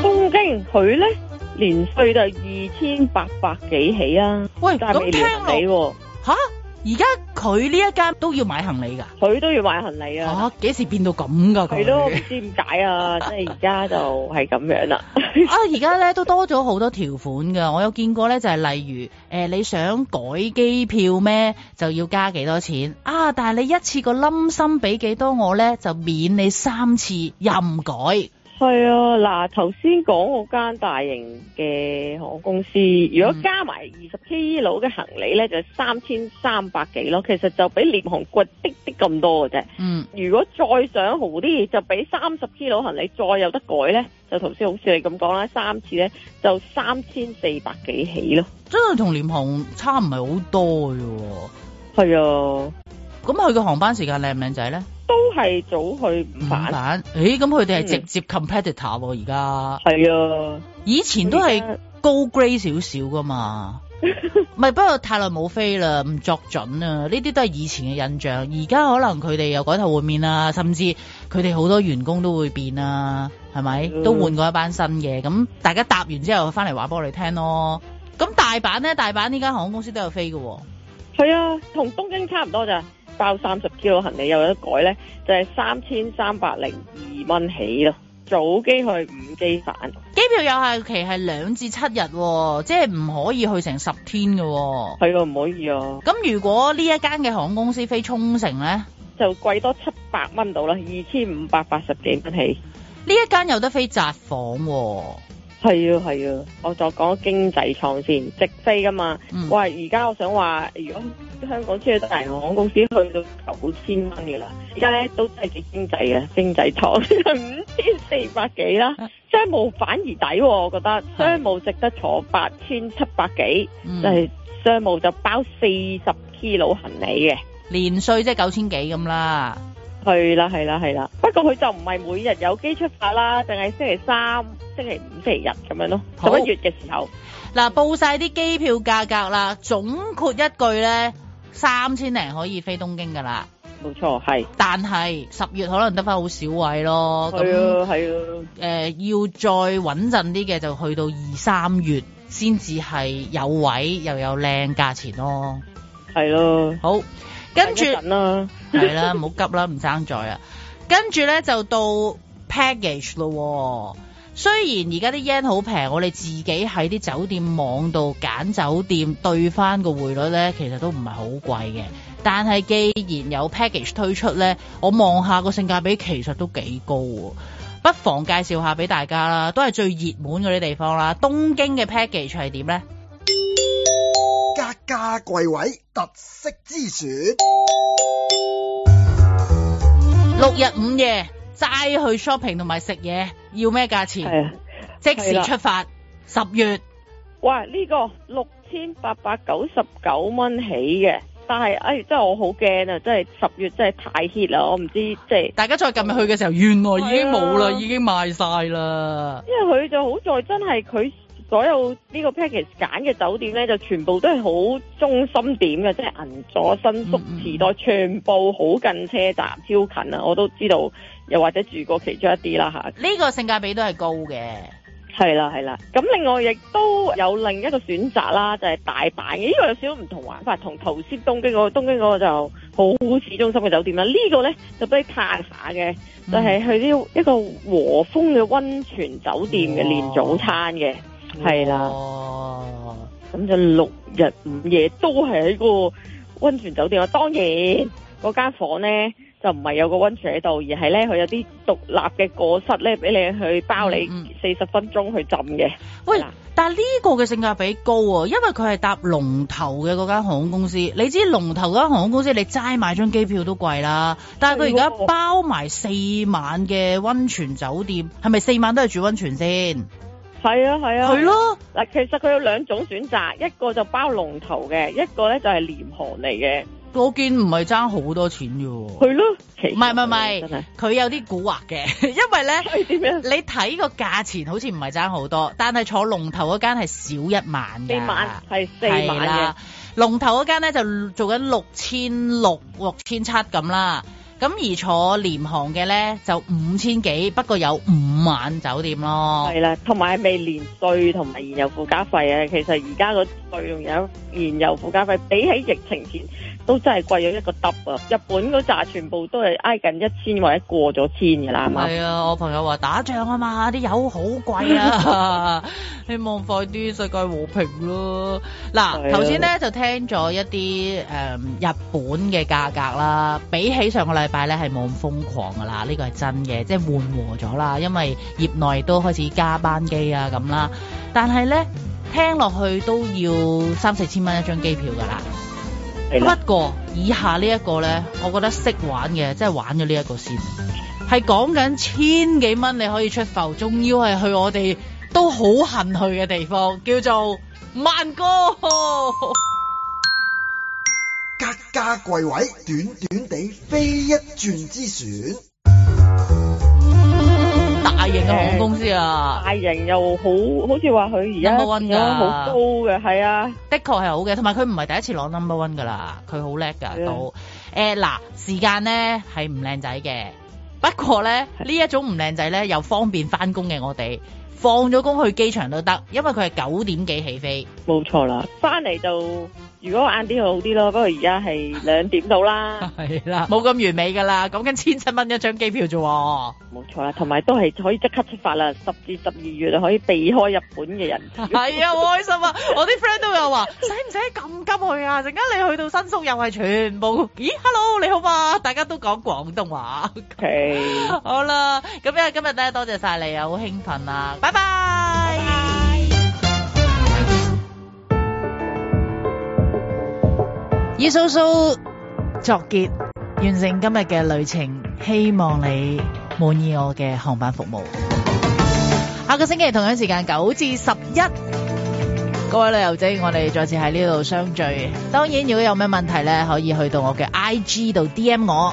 東京佢咧年稅就二千八百幾起、嗯、啊，喂，咁聽你吓？而家佢呢一間都要買行李噶，佢都要買行李啊！啊，幾時變到咁噶？佢都唔知點解啊！即係而家就係咁樣啦。啊，而家咧都多咗好多條款噶，我有見過咧，就係、是、例如誒、呃，你想改機票咩，就要加幾多錢啊！但係你一次個冧心俾幾多我呢，我咧就免你三次任改。係啊，嗱，頭先講嗰間大型嘅航空公司，如果加埋二十 KG 佬嘅行李咧，就三千三百幾咯。其實就比廉航貴啲啲咁多嘅啫。嗯，如果再上豪啲，就俾三十 KG 佬行李，再有得改咧，就頭先好似你咁講啦，三次咧就三千四百幾起咯。真係同廉航差唔係好多嘅，係啊。咁佢個航班時間靚唔靚仔咧？都係早去唔晚，誒，咁佢哋係直接 competitor 而家，係啊，啊以前都係高 grade 少少噶嘛，唔係， [LAUGHS] 不過太耐冇飛啦，唔作準啊，呢啲都係以前嘅印象，而家可能佢哋又改頭換面啦，甚至佢哋好多員工都會變啦，係咪？啊、都換過一班新嘅，咁大家搭完之後翻嚟話俾我哋聽咯，咁大阪咧，大阪呢間航空公司都有飛噶，係啊，同東京差唔多咋。包三十 kg 行李有得改呢，就係三千三百零二蚊起咯。早機去，五機返。機票有效期係兩至七日、啊，即係唔可以去成十天嘅、啊。係咯，唔可以啊。咁如果呢一間嘅航空公司飛沖繩呢，就貴多七百蚊度啦，二千五百八十幾蚊起。呢一間有得飛札幌、啊。係啊係，啊，我就講經濟艙先，直飛噶嘛。嗯、喂，而家我想話，如果香港出去大銀行公司去到九千蚊噶啦，而家咧都真係幾經濟啊，經濟艙，五千四百幾啦。商務反而抵，我覺得商務值得坐八千七百幾，就係的、嗯、商務就包四十 K 佬行李嘅，年稅即係九千幾咁啦。去啦，係啦，係啦。不過佢就唔係每日有機出發啦，定係星期三、星期五、星期日咁樣咯。十好一月嘅時候，嗱、啊，報晒啲機票價格啦，總括一句呢，三千零可以飛東京㗎啦。冇錯，係。但係十月可能得翻好少位咯。咁啊的，係啊那、呃。要再穩陣啲嘅，就去到二三月先至係有位，又有靚價錢咯。係咯的。的好。跟住啦，係啦，唔好急啦，唔爭在啊。 [LAUGHS] 跟住咧就到 package 咯，哦。雖然而家啲 yen 好平，我哋自己喺啲酒店網度揀酒店兌翻個匯率咧，其實都唔係好貴嘅。但係既然有 package 推出咧，我望下個性價比其實都幾高，不妨介紹下俾大家啦。都係最熱門嗰啲地方啦。東京嘅 package 係點咧？加櫃位特色之選，六日五夜齋去 shopping 同埋食嘢，要咩價錢？ [MUSIC] 即時出發 [MUSIC] 十月。哇，呢、這個六千八百九十九蚊起嘅。但係誒、哎，真係我好驚啊！真係十月真係太 heat 啦，我唔知即係。大家再撳入去嘅時候，原來已經冇啦， [MUSIC] 已經賣晒啦。因為佢就好在真係佢。所有呢個 package 揀嘅酒店呢，就全部都係好中心點嘅，即係銀座、新宿、池袋，全部好近車站，超近啊！我都知道，又或者住過其中一啲啦嚇。呢、啊、個性價比都係高嘅。係啦，係啦。咁另外亦都有另一個選擇啦，就係、是、大阪嘅。呢個有少少唔同玩法，同頭先東京嗰個東京嗰個就好市中心嘅酒店啦。呢、這個呢，就畀你 pass 下嘅，嗯、就係去呢一個和風嘅温泉酒店嘅連早餐嘅。係啦，咁、哦哦、就六日五夜都係喺個溫泉酒店啊！當然，嗰間房咧就唔係有個溫泉喺度，而係咧佢有啲獨立嘅個室咧，俾你去包你四十分鐘去浸嘅、嗯嗯。喂，嗱的，但係呢個嘅性價比高啊、哦，因為佢係搭龍頭嘅嗰間航空公司。你知龍頭嗰間航空公司，你齋買張機票都貴啦。但係佢而家包埋四晚嘅溫泉酒店，係咪四晚都係住溫泉先？係啊係啊，係咯嗱，其實佢有兩種選擇，一個就包龍頭嘅，一個咧就係廉航嚟嘅。我見唔係爭好多錢嘅，係咯，唔係唔係唔係，佢的有啲蠱惑嘅，因為咧，樣你睇個價錢好似唔係爭好多，但係坐龍頭嗰間係少一萬，四萬係四萬啊。龍頭嗰間咧就做緊六千六六千七咁啦。咁而坐廉航嘅咧就五千幾，不過有五晚酒店咯。係啦，同埋未連稅同埋燃油附加費啊。其實而家個費用有燃油附加費，比起疫情前。都真係貴咗一個 double 啊！日本嗰扎全部都係挨近一千或者過咗千嘅啦，係係啊，我朋友話打仗啊嘛，啲油好貴啊，希望快啲世界和平咯。嗱，頭先咧就聽咗一啲誒、嗯、日本嘅價格啦，比起上個禮拜咧係冇咁瘋狂噶啦，呢個係真嘅，即係緩和咗啦，因為業內都開始加班機啊咁啦。但係咧聽落去都要三四千蚊一張機票噶啦。不過 But, Yeah. 以下呢一個呢，我覺得識玩嘅，即係玩咗呢一個先，係講緊千幾蚊你可以出埠，仲要係去我哋都好恨去嘅地方，叫做曼谷，價格貴位，短短地飛一轉之船。大型嘅航空公司啊，大型又好好似話佢而家 number one 噶， [NOISE] 好高嘅，係啊， [NOISE] 的確係好嘅，同埋佢唔係第一次攞 number one 噶啦，佢好叻噶，是的 到，誒、eh, 嗱，時間咧係唔靚仔嘅，不過咧呢是的 一種唔靚仔咧又方便翻工嘅，我哋放咗工去機場都得，因為佢係九點幾起飛錯，冇錯啦，翻嚟就。如果晏啲好啲咯，不過而家係兩點到啦，係啦，冇咁完美㗎啦。講緊千七蚊一張機票啫喎，冇錯啦，同埋都係可以即刻出發啦。十至十二月就可以避開日本嘅人，係 [LAUGHS] 啊、哎，好開心啊！我啲 friend 都有話、啊，使唔使咁急去啊？陣間你去到新宿又係全部咦，Hello，你好嘛？大家都講廣東話 [LAUGHS] ，OK，好啦，咁樣今日咧多謝晒你啊，好興奮啊，拜拜。Bye bye. 以蘇蘇作結，完成今日嘅旅程，希望你滿意我嘅航班服務。下個星期同樣時間九至十一，各位旅遊者，我哋再次喺呢度相聚。當然，如果有咩問題咧，可以去到我嘅 IG 度 DM 我。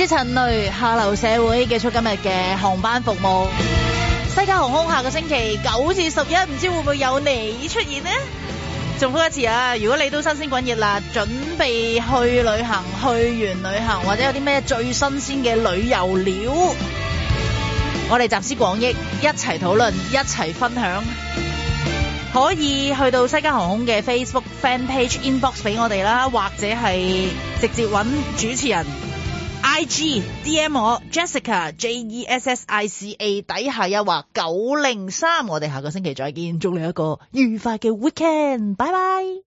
即陳雷下流社會結束今日嘅航班服務。西加航空下個星期九至十一，唔知會唔會有你出現呢？重複一次啊！如果你都新鮮滾熱啦，準備去旅行，去完旅行或者有啲咩最新鮮嘅旅遊料，我哋集思廣益，一齊討論，一齊分享。可以去到西加航空嘅 Facebook Fan Page Inbox 俾我哋啦，或者係直接揾主持人。I G D M 我 Jessica J E S S I C A 底下又話九零三，我哋下個星期再見，祝你一個愉快嘅 weekend，拜拜。